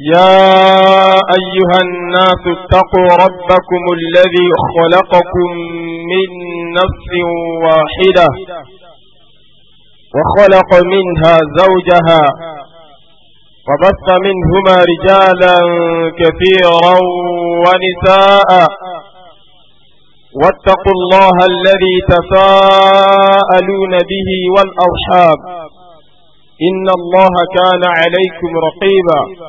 يا أيها الناس اتقوا ربكم الذي خلقكم من نفس واحدة وخلق منها زوجها وبث منهما رجالا كثيرا ونساء واتقوا الله الذي تساءلون به والأرحاب إن الله كان عليكم رقيبا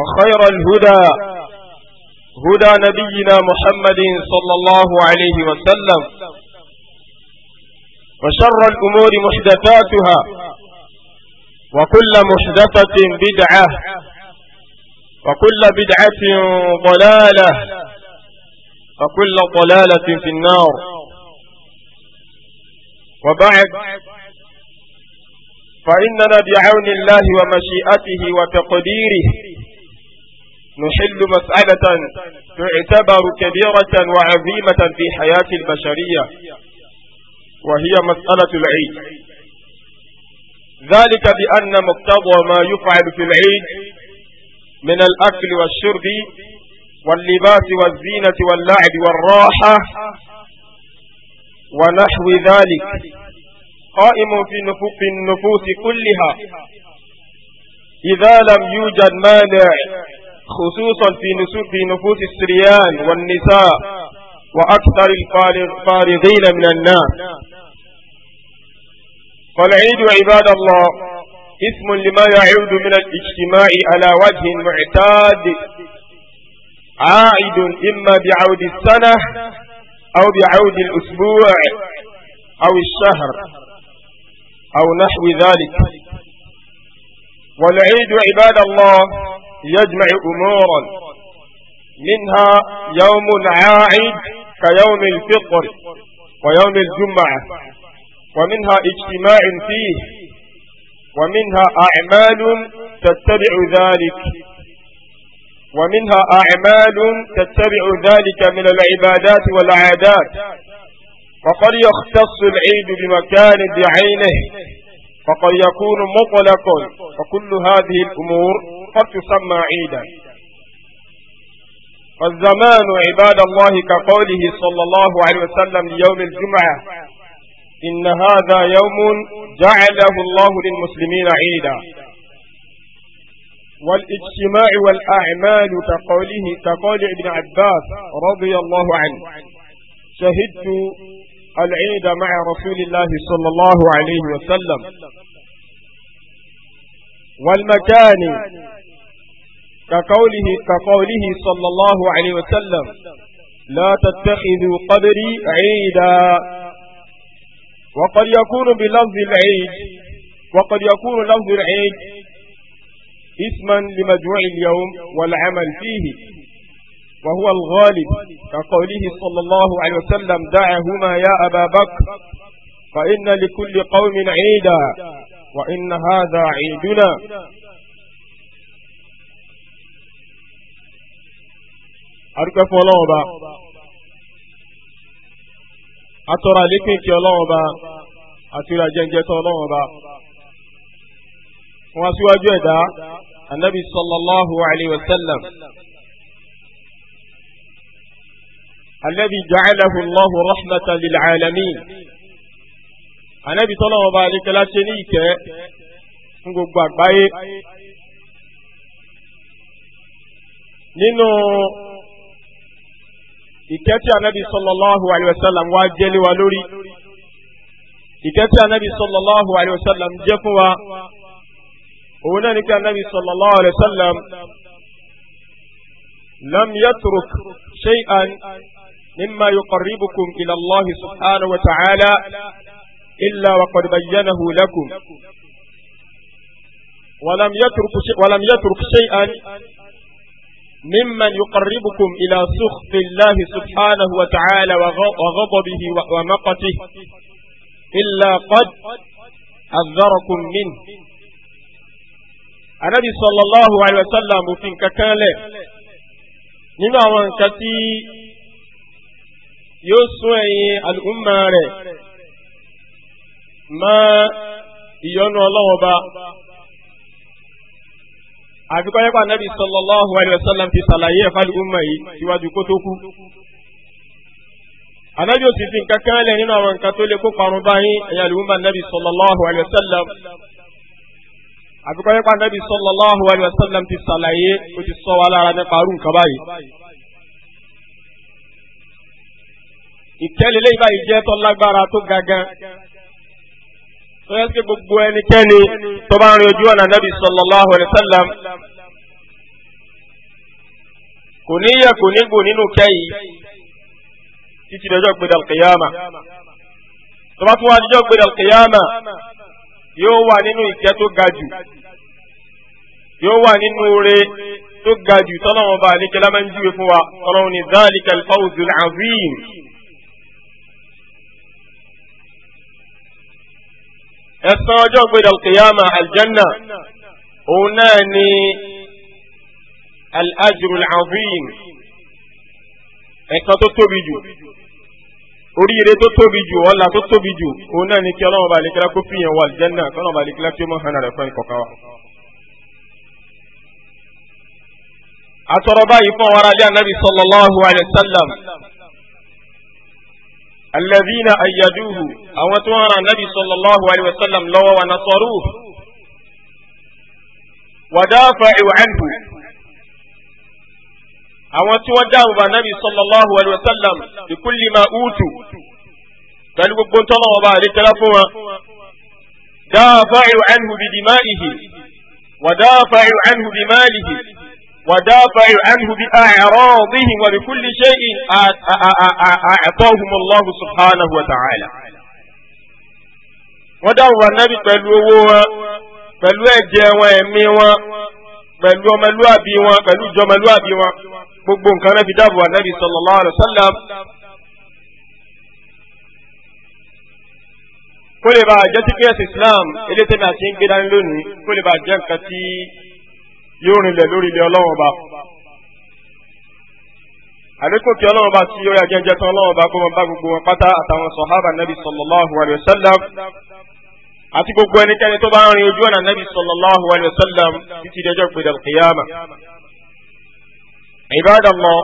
وخير الهدى هدى نبينا محمد صلى الله عليه وسلم وشر الأمور محدثاتها وكل محدثة بدعة وكل بدعة ضلالة وكل ضلالة في النار وبعد فإننا بعون الله ومشيئته وتقديره نحل مسألة تعتبر كبيرة وعظيمة في حياة البشرية وهي مسألة العيد ذلك بأن مقتضى ما يفعل في العيد من الأكل والشرب واللباس والزينة واللعب والراحة ونحو ذلك قائم في النفوس كلها إذا لم يوجد مانع خصوصا في نفوس السريان والنساء وأكثر الفارغين من الناس فالعيد عباد الله اسم لما يعود من الاجتماع على وجه معتاد عائد إما بعود السنة أو بعود الأسبوع أو الشهر أو نحو ذلك والعيد عباد الله يجمع أمورا منها يوم عائد كيوم الفطر ويوم الجمعة ومنها اجتماع فيه ومنها أعمال تتبع ذلك ومنها أعمال تتبع ذلك من العبادات والعادات وقد يختص العيد بمكان بعينه فقد يكون مطلقا فكل هذه الأمور قد تسمى عيدا فالزمان عباد الله كقوله صلى الله عليه وسلم ليوم الجمعة إن هذا يوم جعله الله للمسلمين عيدا والاجتماع والأعمال كقوله كقول ابن عباس رضي الله عنه شهدت العيد مع رسول الله صلى الله عليه وسلم والمكان كقوله كقوله صلى الله عليه وسلم لا تتخذوا قبري عيدا وقد يكون بلفظ العيد وقد يكون لفظ العيد اسما لمجموع اليوم والعمل فيه وهو الغالب كقوله صلى الله عليه وسلم دعهما يا أبا بكر فإن لكل قوم عيدا وإن هذا عيدنا أركف ولوبا أترى لكنك ولوبا أترى جنجة ولوبا وأسواجه النبي صلى الله عليه وسلم الذي جعله الله رحمة للعالمين النبي صلى الله عليه وسلم gbogbo àgbáyé nínú ìkẹ́tí anabi sallallahu alayhi wa sallam wá jẹ́lé wa lórí ìkẹ́tí anabi sallallahu alayhi wa sallam jẹ́ fún wa òun náà ní kí anabi sallallahu alayhi wa sallam lam yatruk shay'an. مما يقربكم إلى الله سبحانه وتعالى إلا وقد بينه لكم ولم يترك ولم يترك شيئا ممن يقربكم إلى سخط الله سبحانه وتعالى وغضبه ومقته إلا قد حذركم منه النبي صلى الله عليه وسلم في ككاله نما وانكتي yóò sún ẹ̀yìn àlùmọ́ rẹ̀ mọ́ ìyọnu ọlọ́wọ́ bá àfikọ́ yẹ́pà nàbì sallallahu alaihi wasallam fi ṣàlàyé ẹ̀fà àlùmọ́ yìí síwájú kó tó kú. Ànábì ò sì fi nǹkan kan lẹ̀ nínú àwọn nǹkan tó lè kó parun báyìí ẹ̀yà àlùmọ́ nàbì sallallahu alaihi wasallam àfikọ́ nàbì sallallahu alaihi wasallam ti ṣàlàyé ó ti sọ wa lára nípa arú nǹkan báyìí. ìtẹ́lélẹ́ ìbáyìí jẹ́ tó lágbára tó gangan tó yẹ kí gbogbo ẹnikẹ́ni tó bá ń rin ojú ọ̀nà nàbì sallallahu alaihi wasallam kò ní yẹ kò ní gbò nínú kẹ́yì títí dọjọ́ gbẹdẹ alkiyama tó bá tún wá dọjọ́ gbẹdẹ alkiyama yóò wà nínú ìkẹ́ tó ga jù yóò wà nínú oore tó ga jù tọ́lọ́wọ́n bá àlékelá máa ń júwe fún wa tọ́lọ́wọ́n ní zálìkà alfawzul azim. ẹ̀san ọjọ́ gbèdà kìyàmà aljanna òun náà ni al-ajru al-azim ẹ̀san tó tóbi jù oríire tó tóbi jù ọlá tó tóbi jù òun náà ni kí ọlọ́run bá àlekílá kó fi yẹn wọ aljanna kí bá àlekílá kí ó mọ̀ hàn rẹ̀ fún ìkọ̀kan wa. àtọ̀rọ̀ báyìí fún ọ̀rọ̀ alẹ́ anabi alẹ́bíná ayyaduhu àwọn tó ń ran nabi sallallahu alayhi wa sallam lọ́wọ́ wa nasaru wàdáfà ìwàhánhu àwọn tí wọ́n dáhùn bá nabi sallallahu alayhi wa sallam ìkúlì máa útù pẹ̀lú gbogbo tọ́lọ́wọ́ bá àlékẹ́lá fún wa dáfà ìwàhánhu bìdìmáìhì wàdáfà ìwàhánhu bìmáìhì. ودافعوا عنه بأعراضهم وبكل شيء أعطاهم الله سبحانه وتعالى wọ́n dáhùn ànábì pẹ̀lú owó wọn pẹ̀lú ẹ̀jẹ̀ wọn ẹ̀mí wọn pẹ̀lú ọmọlúàbí wọn pẹ̀lú ìjọmọlúàbí wọn gbogbo nǹkan náà fi dáhùn ànábì sallallahu alaihi wasallam kó lè bá jẹ́ sí pé ẹ̀sìn Islam elétẹ́ni àti ń gbé dání lónìí kó lè bá jẹ́ nǹkan tí yóò rinlẹ̀ lórí ilé ọlọ́wọ́n ba àlékún kí ọlọ́wọ́n ba tí ó yà jẹ́jẹ́ tán ọlọ́wọ́n ba kó wọn bá gbogbo wọn pátá àtàwọn sọ̀hábà nàbì sallallahu alayhi wa sallam àti gbogbo ẹnikẹ́ni tó bá ń rin ojú ọ̀nà nàbì sallallahu alayhi wa títí dẹjọ́ gbèdè kìyàmà. Ibadallah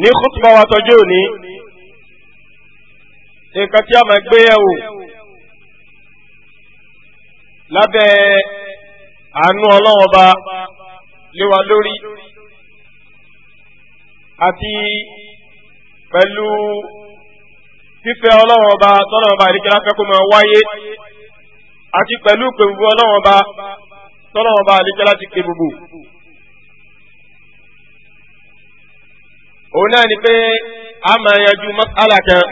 ní kútùbà wa tọjú òní nǹkan tí a máa gbé yẹ̀wò lábẹ́ àánú ọlọ́wọ́n ọba lé wa lórí àti pẹ̀lú fífẹ́ ọlọ́wọ́n ọba tọ́lọ́wọ́n ọba àríkẹ́lá fẹ́ kó máa wáyé àti pẹ̀lú pèbùbù ọlọ́wọ́n ọba tọ́lọ́wọ́n ọba àríkẹ́lá ti pè bùbù. òun náà ni pé a máa yanjú mas'ala kan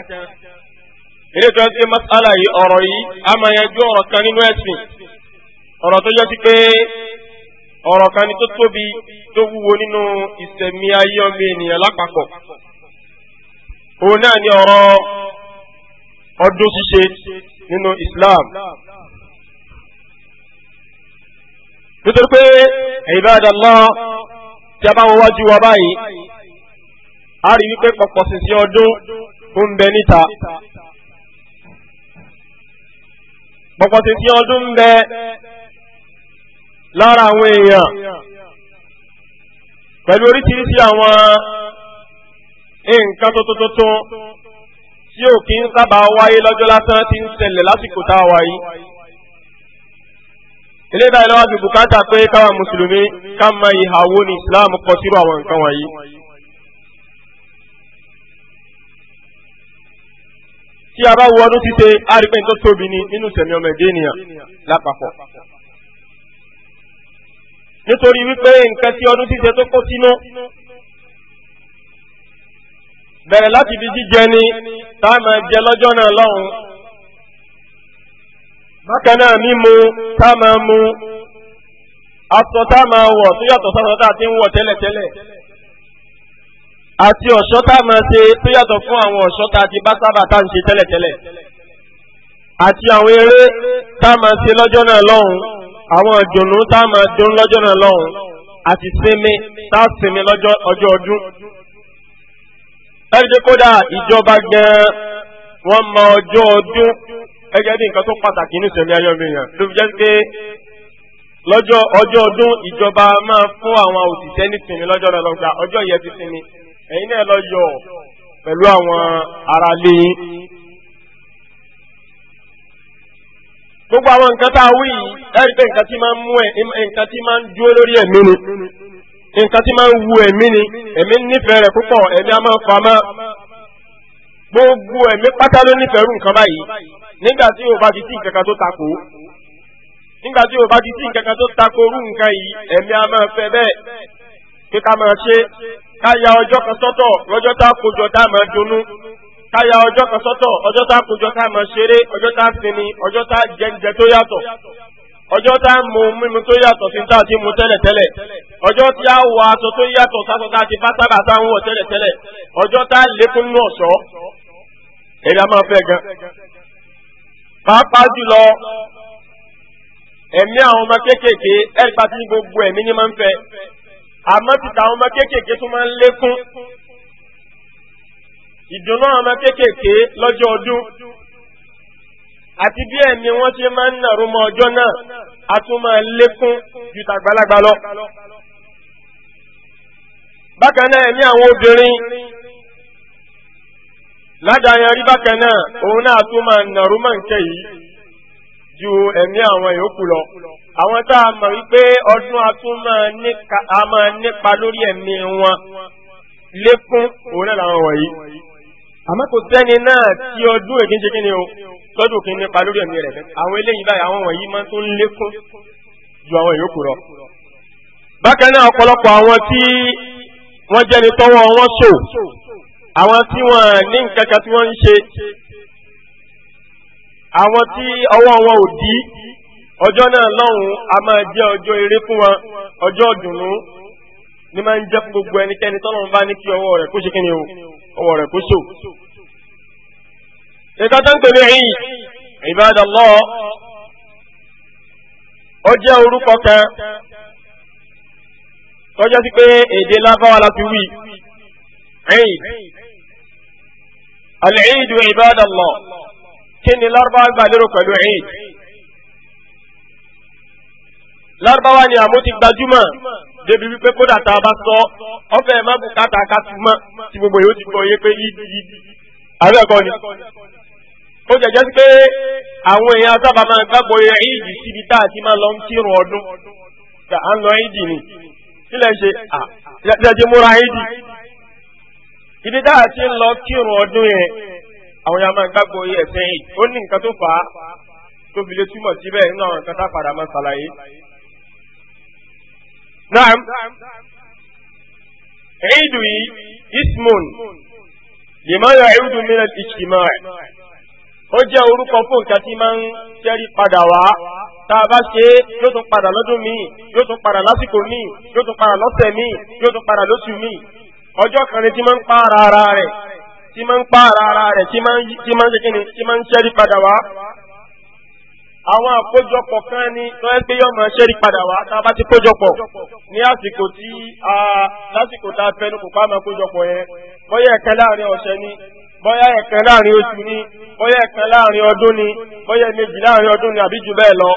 eré tó ń yìí ọ̀rọ̀ yìí a máa yanjú ọ̀rọ̀ kan nínú ẹ̀sìn ọ̀rọ̀ tó jẹ́ sí pé ọ̀rọ̀ kan ni tó tóbi tó wúwo nínú ìsẹ̀mí ayé ọmọ ènìyàn lápapọ̀ òun náà ni ọ̀rọ̀ ọdún ṣíṣe nínú Islam nítorí pé ibadallah tí a bá wọ wájú wa báyìí a rí wípé pọ̀pọ̀ sísí ọdún ń bẹ níta pọ̀pọ̀ sísí ọdún ń bẹ lára àwọn èèyàn pẹ̀lú oríṣiríṣi àwọn nǹkan tuntun tuntun tí ò kí ń sábà wáyé lọ́jọ́ lásán ti ń ṣẹlẹ̀ lásìkò tá a wà ilé ìdáyé lọ́wọ́ ti bùkátà pé káwa mùsùlùmí ká mọ ìhàwó ní islam kọ sírò àwọn nǹkan wọ̀nyí. tí a bá wo ọdún títẹ a rí pé nǹkan tóbi ni nínú sẹ̀mí ọmọ ẹ̀dẹ́ ènìyàn lápapọ̀ nítorí wípé nǹkan tí ọdún ṣíṣe tó kó sínú bẹ̀rẹ̀ láti fi jíjẹ ni tá a máa jẹ lọ́jọ́ náà lọ́hùn bákan náà mímu tá a máa mu aṣọ tá a máa wọ̀ tó yàtọ̀ sáwọn tá a ti ń wọ̀ tẹ́lẹ̀tẹ́lẹ̀ àti ọ̀ṣọ́ tá a máa ṣe tó yàtọ̀ fún àwọn ọ̀ṣọ́ tá a ti bá sábà tá a ń ṣe tẹ́lẹ̀tẹ́lẹ̀ àti àwọn eré tá ṣe lọ́jọ́ náà lọ́hùn àwọn ìdùnnú tá a máa dún lọ́jọ́ náà lọ́hùn àti sinmi tá a sinmi lọ́jọ́ ọjọ́ ọdún. ẹ̀rí kódà ìjọba gan-an wọ́n mọ ọjọ́ ọdún gẹ́gẹ́ bí nǹkan tó pàtàkì nínú ìṣẹ̀lẹ̀ ayọ́mìyàn ló fi jẹ́ pé lọ́jọ́ ọjọ́ ọdún ìjọba máa fún àwọn òṣìṣẹ́ ní sinmi lọ́jọ́ náà lọ́gbà ọjọ́ yẹn ti sinmi ẹ̀yin náà lọ yọ̀ pẹ̀lú àwọn aráalé yín. gbogbo àwọn nǹkan tá a wí yìí ẹ̀rí pé nǹkan tí máa ń mú ẹ̀ nǹkan tí máa ń dúró lórí ẹ̀mí ni nǹkan tí máa ń wu ẹ̀mí ni ẹ̀mí nífẹ̀ẹ́ rẹ̀ púpọ̀ ẹ̀mí a máa ń famọ́ gbogbo ẹ̀mí pátá ló nífẹ̀ẹ́ rú nǹkan báyìí nígbà tí o bá ti sí nǹkan kan tó takò nígbà tí o bá ti sí nǹkan kan tó takò rú nǹkan yìí ẹ̀mí a máa fẹ́ bẹ́ẹ̀ kí ká máa ṣe ká ya ọjọ́ kan sọ́tọ̀ lọ́jọ́ tá a kójọ tá a máa dunnú káyà ọjọ́ kan sọ́tọ̀ ọjọ́ tá a kójọ tá a máa ṣeré ọjọ́ tá a sinmi ọjọ́ tá a jẹnjẹ tó yàtọ̀ ọjọ́ tá a mu mímu tó yàtọ̀ sí tá a ti mu tẹ́lẹ̀tẹ́lẹ̀ ọjọ́ tí a wọ aṣọ tó yàtọ̀ sásọ tá a ti bá sábà tá a ń wọ tẹ́lẹ̀tẹ́lẹ̀ ọjọ́ tá a lékún ní ọ̀ṣọ́ ẹ̀rí a máa fẹ́ gan. pàápàá jùlọ ẹ̀mí àwọn ọmọ kéékèèké ẹ̀rí pàtí gbogbo ẹ̀mí ni máa ń fẹ́ àmọ́ ìdùnnú ọmọ kéékèèké lọ́jọ́ ọdún àti bí ẹ̀mí wọ́n ṣe máa ń nàró mọ́ ọjọ́ náà a tún máa lékún ju tàgbàlagbà lọ. bákan náà ẹ̀mí àwọn obìnrin ládàáyanrí bákan náà òun náà tún máa nàró mọ́ nǹkẹ́ yìí ju ẹ̀mí àwọn yòókù lọ. àwọn tá a mọ̀ wípé ọdún a tún máa nípa lórí ẹ̀mí wọn lékún òun náà làwọn wọ̀nyí àmọ́ kò sẹ́ni náà tí ọdún èdè ń ṣe kí ni o lọ́dún kí n nípa lórí ẹ̀mí rẹ̀ àwọn eléyìí báyìí àwọn wọ̀nyí máa tó ń lékún ju àwọn yòókù lọ. bákan náà ọ̀pọ̀lọpọ̀ àwọn tí wọ́n jẹ́ni tọ́wọ́ wọn ṣò àwọn tí wọ́n ní nǹkan kan tí wọ́n ń ṣe àwọn tí ọwọ́ wọn ò dí ọjọ́ náà lọ́hùn-ún a máa jẹ́ ọjọ́ eré fún wọn ọjọ́ ọdùnnú ní máa ń jẹ́ fún gbogbo ẹnikẹ́ni tọ́lọ́run bá ní kí ọwọ́ rẹ̀ kó ṣe kí ni o ọwọ́ rẹ̀ kó so. ìka tó ń pèlè yìí Ibadallah ó jẹ́ orúkọ kan tọ́jà sí pé èdè lábáwá la fi wí ẹ̀yìn al-Eid Ibadallah kí ni lárúbáwá gbà lérò pẹ̀lú ẹ̀yìn lárúbáwá ni àmó ti gbajúmọ̀ débi wípé kódà tá a bá sọ ọfẹ má bùkátà ká tu mọ tí gbogbo yóò ti gbọ́ yé pé yídi yídi àbẹ kọ ni. ó jẹjẹ sí pé àwọn èèyàn sábà máa gbàgbọ́ yẹ ìdí síbi tá a ti máa lọ ń kírun ọdún tá a ń lọ ìdí ni sílẹ̀ ṣe à jẹjẹ múra ìdí. ibi tá a ti ń lọ kírun ọdún yẹn àwọn èèyàn máa gbàgbọ́ yẹ ẹ̀sẹ̀ yìí ó ní nǹkan tó fà á tó fi túmọ̀ síbẹ̀ nínú àwọn nǹkan tá a padà máa ṣàlàyé. نعم ciidu yi ismun lima من الاجتماع؟ alijtimaac ó jẹ́ orúkọ fún nǹkan tí máa ń tẹ́rí padà wá tá a bá ṣe é yóò tún padà lọ́dún míì yóò tún padà lásìkò míì yóò tún padà lọ́sẹ̀ míì yóò tún padà lóṣù míì ọjọ́ kan ni tí máa ń pa ara rẹ̀ tí máa ń pa ara rẹ̀ tí máa ń ṣe kí ni tí máa ń tẹ́rí padà wá àwọn àkójọpọ̀ kan ni tó ń gbé yọmọ ṣẹ́rí padà wá tá a bá ti kójọpọ̀ ní àsìkò tí a lásìkò tá a fẹ́ lóko pa máa kójọpọ̀ yẹn bóyá ẹ̀kan láàrin ọ̀sẹ̀ ni bóyá ẹ̀kan láàrin oṣù ni bóyá ẹ̀kan láàrin ọdún ni bóyá méjì láàrin ọdún ni àbí jù bẹ́ẹ̀ lọ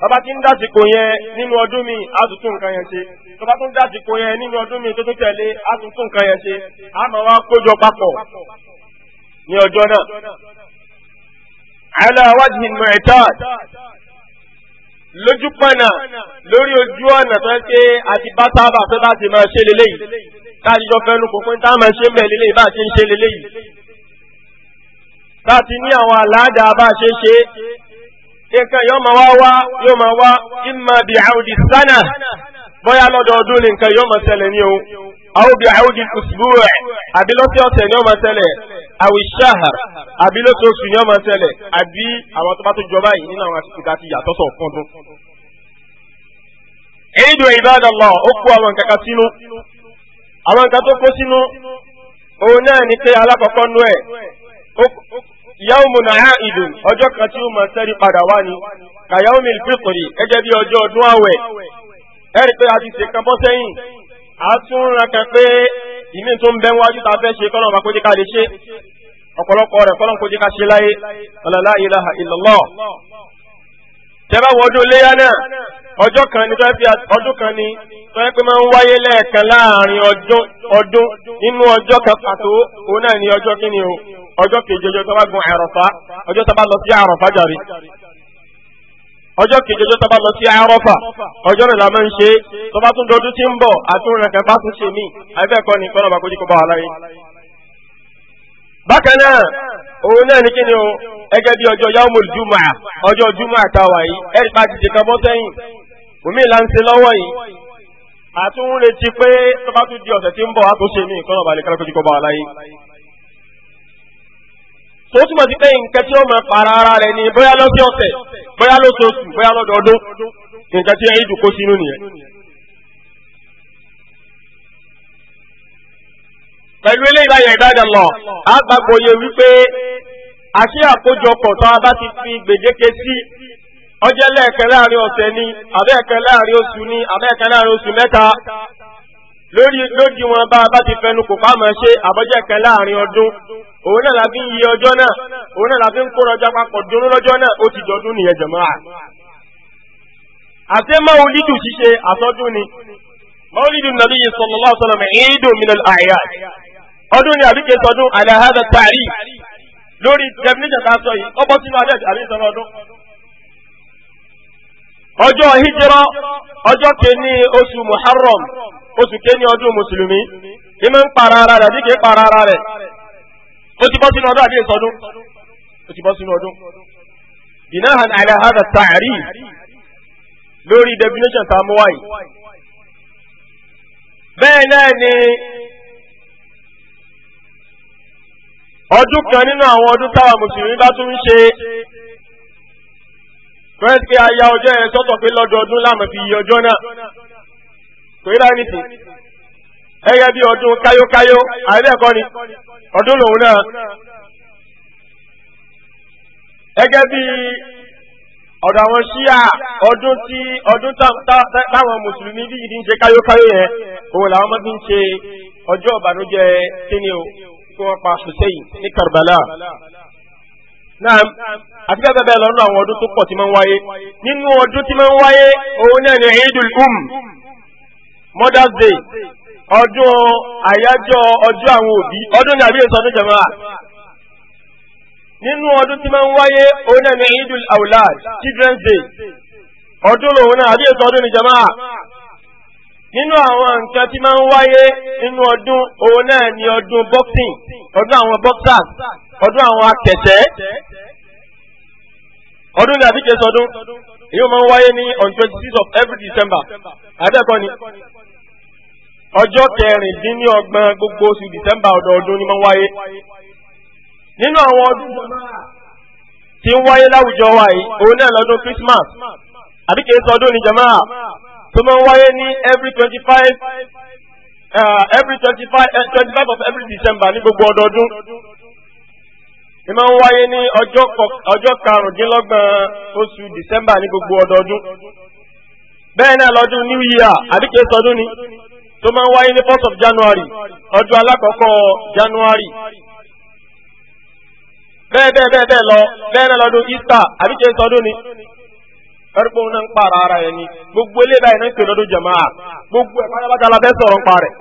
bàbá tí ń dásìkò yẹn nínú ọdún mi á nǹkan yẹn ṣe tó bá tún dásìkò yẹn nínú ọdún mi tó tẹ̀lé á nǹkan yẹn ṣe á máa wá kójọ papọ̀ ní ọjọ́ náà ala wajhi mu'tad lójú pọ̀nà lórí ojú ọ̀nà tó ń pé àti bá sábà tó bá ti máa ṣe lélẹ́yìí káàdìjọ fẹnu kò pín tá a máa ṣe ń bẹ̀ lélẹ́yìí bá a ti ń ṣe lélẹ́yìí bá a ti ní àwọn àlàáda bá a ṣe ṣe nǹkan yóò máa wá wá yóò máa wá imma bi àwùjì sánà bóyá lọ́dọọdún ni nǹkan yóò máa ṣẹlẹ̀ ní o àwùjì àwùjì usbu' àbí lọ́sẹ̀ ọ̀sẹ̀ ni yóò máa ṣẹlẹ̀ àwì ṣáhà àbí lóṣù ni ọmọ ṣẹlẹ̀ àbí àwọn tó bá tó jọba yìí nínú àwọn àtìkù láti yàtọ̀ sọ̀ fún ọdún. èyí dùn nkaka ó kó àwọn nǹkan kan sínú àwọn nǹkan tó kó sínú òun náà ní pé alákọ̀ọ́kọ́ nú ẹ̀ kan tí ó padà wá ni ka yawmil fitri gẹ́gẹ́ bí ọjọ́ ọdún àwẹ̀ ẹ̀rí pé a ti ṣe bọ́ sẹ́yìn a ìmí tó ń bẹ wájú tá a fẹ́ ṣe kọ́nà ọba kójíká lè ṣe ọ̀pọ̀lọpọ̀ rẹ̀ kọ́nà kójíká ṣe láyé la ilaha illallah. tẹ́bá wọ ọdún léyà náà ọjọ́ kan ni tọ́yẹ́ fi ọdún kan ni tọ́yẹ́ pé máa ń wáyé lẹ́ẹ̀kan láàrin ọdún nínú ọjọ́ kan pàtó òun náà ni ọjọ́ kí o ọjọ́ kejì ọjọ́ tó bá gun Àràfá ọjọ́ tó bá lọ sí Àràfá jàre ọjọ́ kejì ọjọ́ tọ́ba lọ sí arọ́fà ọjọ́ rẹ̀ la máa ń ṣe tọ́ba tún dọdún tí ń bọ̀ àtúnrẹ̀ kẹfà tún ṣe mí àbẹ́ẹ̀kọ́ ni kọ́nà bàkójì kó bá wà láyé. bákan náà òun náà ní kíni o ẹgẹ́ bí ọjọ́ yaumul juma ọjọ́ juma àtàwà yìí ẹ̀rí pa jìjì kan bọ́ sẹ́yìn omi ìlà ń ṣe lọ́wọ́ yìí àtúnrẹ̀ ti pé tọ́ba tún di ọ̀sẹ̀ tí ń bọ̀ àtúnṣe mí kọ́nà bàlẹ̀ kọ́nà bàkójì kó bá wà láyé. tó túmọ̀ sí pé nǹkan tí ó máa para ara rẹ̀ ni bóyá lọ́sẹ̀ ọ̀sẹ̀ bóyá lóṣooṣù bóyá lọ́dọọdún nǹkan tí dùn kó sínú nìyẹn. pẹ̀lú eléyìí lọ àgbàgbọ́ yẹ wípé àṣé àkójọpọ̀ tó a bá ti fi gbèdéke sí ọjọ́ lẹ́ẹ̀kẹ́ láàrin ọ̀sẹ̀ ni àbẹ́ẹ̀kẹ́ láàrin oṣù ni àbẹ́ẹ̀kẹ́ láàrin lórí lódì wọn bá bá ti fẹnu kò fá máa ṣe àbọ́jẹ́ kan láàrin ọdún òun náà la ń yí ọjọ́ náà òun náà la ń kó rọjá ni dúró lọ́jọ́ náà ó ti dọdún nìyẹn jàmáà. àti maulidu ṣíṣe àtọ́dún ni maulidu nabiyyi sallallahu alaihi wasallam ìdò minal ọdún ni àbíkè sọdún ala hadha lórí definition ká sọ yìí ọjọ́ hijira ọjọ́ kẹni oṣù muharram oṣù kẹni ọdún mùsùlùmí ìmọ̀ ń para ara rẹ̀ díkẹ́ para ara rẹ̀ ó ti bọ́ sínú ọdún àbí ìsọdún ó ti bọ́ sínú ọdún. binahan lórí definition tá mú wáyé bẹ́ẹ̀ náà ni ọdún kan nínú àwọn ọdún táwa mùsùlùmí bá tún ń fẹ́ẹ́ pé aya ọjọ́ yẹn sọ́tọ̀ pé lọ́dọọdún láàmú fi yí ọjọ́ náà kò yí láì nìsín ẹyẹ bí ọdún káyókáyó àìlẹ́ẹ̀kọ́ ni ọdún lòun náà gẹ́gẹ́ bí ọ̀dọ̀ àwọn ṣíà ọdún tí ọdún táwọn mùsùlùmí bí ìdí ń ṣe káyókáyó yẹn òun làwọn máa ń ṣe ọjọ́ ìbànújẹ́ kíni o kí wọ́n pa Hussein ní Karbala náà àti bẹ́ẹ̀ bẹ́ẹ̀ lọ́nà àwọn ọdún tó pọ̀ tí máa ń wáyé nínú ọdún tí máa ń wáyé òun náà ni Eidul Um Mother's Day ọdún àyájọ́ ọjọ́ àwọn òbí ọdún ní àbí ìsọdún jẹ̀mọ́ra nínú ọdún tí máa ń wáyé òun náà ni Eidul Awlad Children's Day ọdún lòun náà àbí ìsọdún ní jẹ̀mọ́ra nínú àwọn nǹkan tí máa ń wáyé nínú ọdún òun náà ni ọdún boxing ọdún àwọn boxers ọdún àwọn akẹ̀tẹ́ ọdún ní àbíkẹ́ sọdún èyí máa ń wáyé ní on twenty six of every December abẹ́ẹ̀kọ́ ni ọjọ́ kẹrìndínlọ́gbọ̀n gbogbo oṣù December ọdọọdún ni máa ń wáyé nínú àwọn ọdún tí ń wáyé láwùjọ wa yìí òun náà lọ́dún Christmas àbíkẹ́ sọdún ni jamaa tó máa ń wáyé ní every twenty five uh, every twenty five eh, twenty five of every December ní gbogbo ọdọọdún ní máa ń wáyé ní ọjọ́ karùndínlọ́gbọ̀n oṣù December ní gbogbo ọdọọdún bẹ́ẹ̀ náà lọ́dún New Year àbíkè sọdún ni tó máa ń wáyé ní first of January ọjọ́ alákọ̀ọ́kọ́ January bẹ́ẹ̀ bẹ́ẹ̀ bẹ́ẹ̀ bẹ́ẹ̀ lọ bẹ́ẹ̀ náà lọ́dún Easter àbíkè sọdún ni ẹrúgbọ́n náà ń pààrà ara ẹni gbogbo eléyìí báyìí náà ń pè lọ́dún jamaa gbogbo ẹ̀ pátápátá la fẹ́ sọ̀rọ̀ ń parẹ̀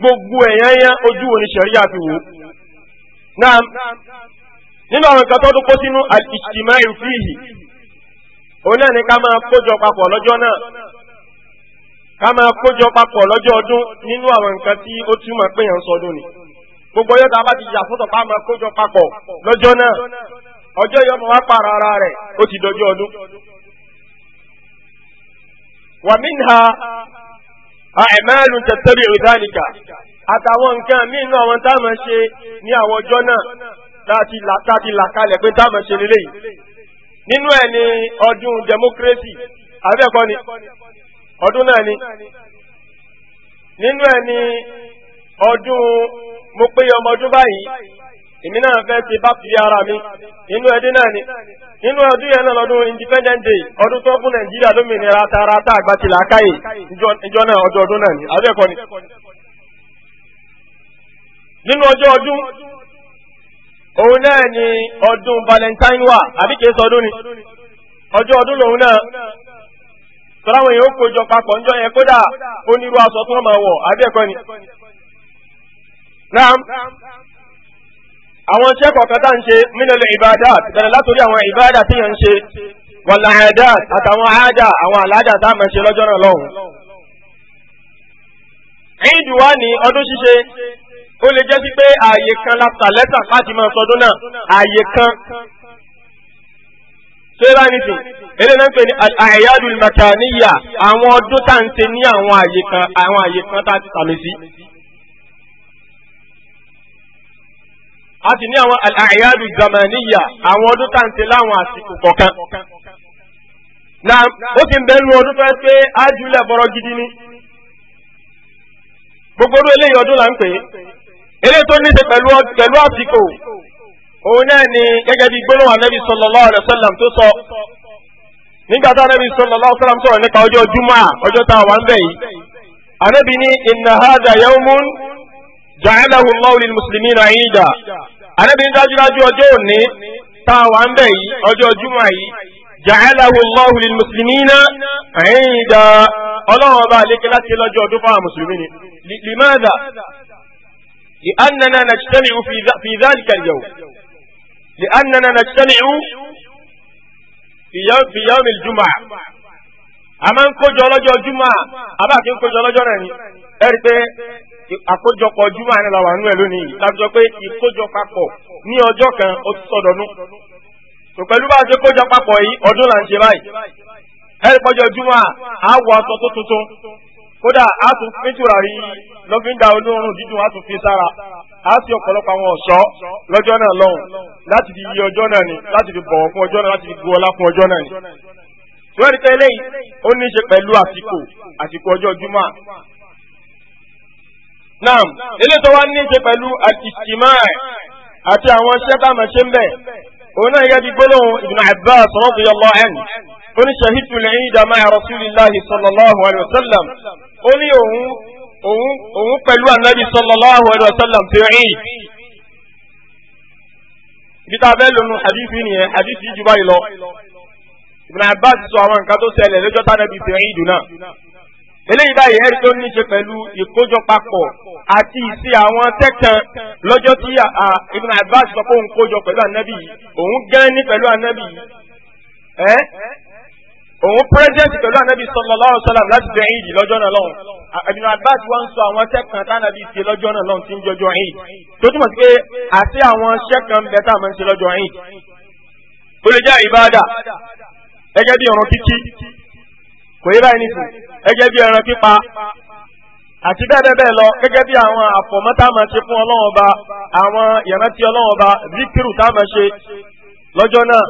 gbogbo ẹ̀yán yán ojú wo ni sẹ̀ríyà fi wò ó. naam. nínú àwọn nǹkan tó tó kó sínú ìjìmá ìfìhì òun náà ni ká máa kójọ papọ̀ lọ́jọ́ náà ká máa kójọ papọ̀ lọ́jọ́ ọdún nínú àwọn nǹkan tí ó túmọ̀ pè yàn sọdún ni gbogbo yọta bá ti yà fún tọ̀pá máa kójọ papọ̀ lọ́jọ́ náà ọjọ́ ara rẹ̀ ó ti ọdún. àtàwọn nǹkan míì náà wọn táàmù ṣe ní àwọn náà láti là kalẹ̀ pé táàmù ṣe lélẹ̀ yìí nínú ẹ̀ ni ọdún democracy àbẹ́ẹ̀kọ́ ni ọdún náà ni nínú ẹ̀ ni ọdún mo pé ọmọ ọdún báyìí èmi náà fẹ́ ti bá fi ara mi nínú ẹdín náà ni nínú ọdún yẹn náà independent day ọdún tó fún nàìjíríà lómìnira tààràtà àgbàtìlá káyè ìjọ náà ọjọ́ ọdún náà ni nínú ọjọ́ ọdún òun náà ni ọdún valentine wà àbí kìí sọdún ni ọjọ́ ọdún lòun náà tọ́láwọn èèyàn kójọ papọ̀ ńjọ yẹn kódà onírú aṣọ tí wọ́n máa wọ̀ àbí ni. naam àwọn iṣẹ́ kọ̀ọ̀kan tá à ń ṣe mílíọ̀nù ìbáadá bẹ̀rẹ̀ látòrí àwọn ìbáadá tí yẹn ń ṣe wàlà àdá àtàwọn àádá àwọn àlájà tá a máa ṣe lọ́jọ́ náà lọ́hùn. ìdùwá ni ọdún ṣíṣe ó lè jẹ́ sí ààyè kan la tà lẹ́tà láti máa sọdún náà ààyè kan ṣé bá ní sìn eléyìí náà ń pè ní àyàdù màkàníyà àwọn ọdún tá ń ṣe ní àwọn ààyè kan àwọn ààyè kan tá a ti sàmì sí. a sì ní àwọn àyàdù zamaniya àwọn ọdún tá ń ṣe láwọn àsìkò kọ̀ọ̀kan. na ó sì ń bẹ́ẹ̀ lu ọdún fẹ́ pé ájúlẹ̀ bọ́rọ̀ gidi ni gbogbo eléyìí ọdún là ń pè é eléyìí tó ní ṣe pẹ̀lú pẹ̀lú àsìkò òun náà ni gẹ́gẹ́ bí gbólóhùn anabi sallallahu alaihi wasallam tó sọ nígbà tá anabi sallallahu alaihi wasallam sọ̀rọ̀ nípa ọjọ́ juma ọjọ́ tá wà ń bẹ̀ yìí anabi ní inna hadha yawmun ja'alahu Allahu lil muslimina 'ida anabi ní dájúdájú ọjọ́ òní tá wà ń bẹ̀ yìí ọjọ́ juma yìí ja'alahu Allahu lil muslimina 'ida ọlọ́run ọba àlékelá لأننا نجتمع في في ذلك اليوم لأننا نجتمع في يوم في يوم الجمعة àmọ́ ń kójọ lọ́jọ́ júmọ́ àbá kí ń kójọ lọ́jọ́ rẹ̀ ni ẹ rí i pé àkójọpọ̀ júmọ́ àná làwọn àánú ẹ̀ lónìí yìí láti sọ pé ìkójọ papọ̀ ní ọjọ́ kan ó ti sọ̀dọ̀ nú kò pẹ̀lú bá a ṣe kójọ papọ̀ yìí ọdún là ń ṣe báyìí ẹ rí i pọ́jọ júmọ́ àwọ̀ aṣọ tó tuntun kódà a tún fi tùràrí lọ́fíńdà olóòórùn dídùn a tún fi sára a sì ọ̀pọ̀lọpọ̀ àwọn ọ̀ṣọ́ lọ́jọ́ náà lọ́hùn láti fi yí ọjọ́ náà ni láti fi bọ̀wọ̀ fún ọjọ́ náà láti fi bu ọlá fún ọjọ́ náà ni. sọ́ọ́rì tẹ́ eléyìí ó ní í ṣe pẹ̀lú àsìkò àsìkò ọjọ́ júmọ́. naam eléyìí tó wá ní í ṣe pẹ̀lú àtìsímá àti àwọn iṣẹ́ tá a máa ṣe ń bẹ̀ òun náà gẹ́gẹ́ bí gbólóhùn Ibn Abbas radiyallahu anhu ó ní shahidtu al-eid ma'a rasulillahi sallallahu alayhi wa sallam ó ní òun òun òun pẹ̀lú anabi sallallahu alaihi wasallam fi rìn ibi tá a fẹ́ lónú hadithi nìyẹn hadithi jù báyìí lọ Ibn Abbas sọ àwọn nǹkan tó ṣẹlẹ̀ lọ́jọ́ tánàbí fi rìn dùn náà eléyìí báyìí ẹ̀rí tó ní ṣe pẹ̀lú ìkójọpapọ̀ àti ìsí àwọn tẹ́kàn lọ́jọ́ tí Ibn Abbas sọ pé kójọ pẹ̀lú anabi òun gẹ́rẹ́ ní pẹ̀lú anabi ẹ́ òun pírẹsidẹ́ntì pẹ̀lú anabi sallallahu alaihi wasallam láti jọ ẹ̀yìn yìí lọ́jọ́ náà lọ́hùn Ibn Abbas wọ́n ń sọ àwọn sẹ́kàn tánàbí ṣe lọ́jọ́ náà lọ́hùn tí ń jọjọ́ ẹ̀yìn tó túmọ̀ sí pé àti àwọn sẹ́kàn bẹ tá a máa ń ṣe lọ́jọ́ ẹ̀yìn. ó lè jẹ́ ìbáadà ẹgẹ́ bí ọ̀ràn kíkí kò yé báyìí nìkú ẹgẹ́ bí ẹran pípa àti bẹ́ẹ̀ bẹ́ẹ̀ lọ gẹ́gẹ́ bí àwọn àfọ̀mọ́tá tá a máa ṣe lọ́jọ́ náà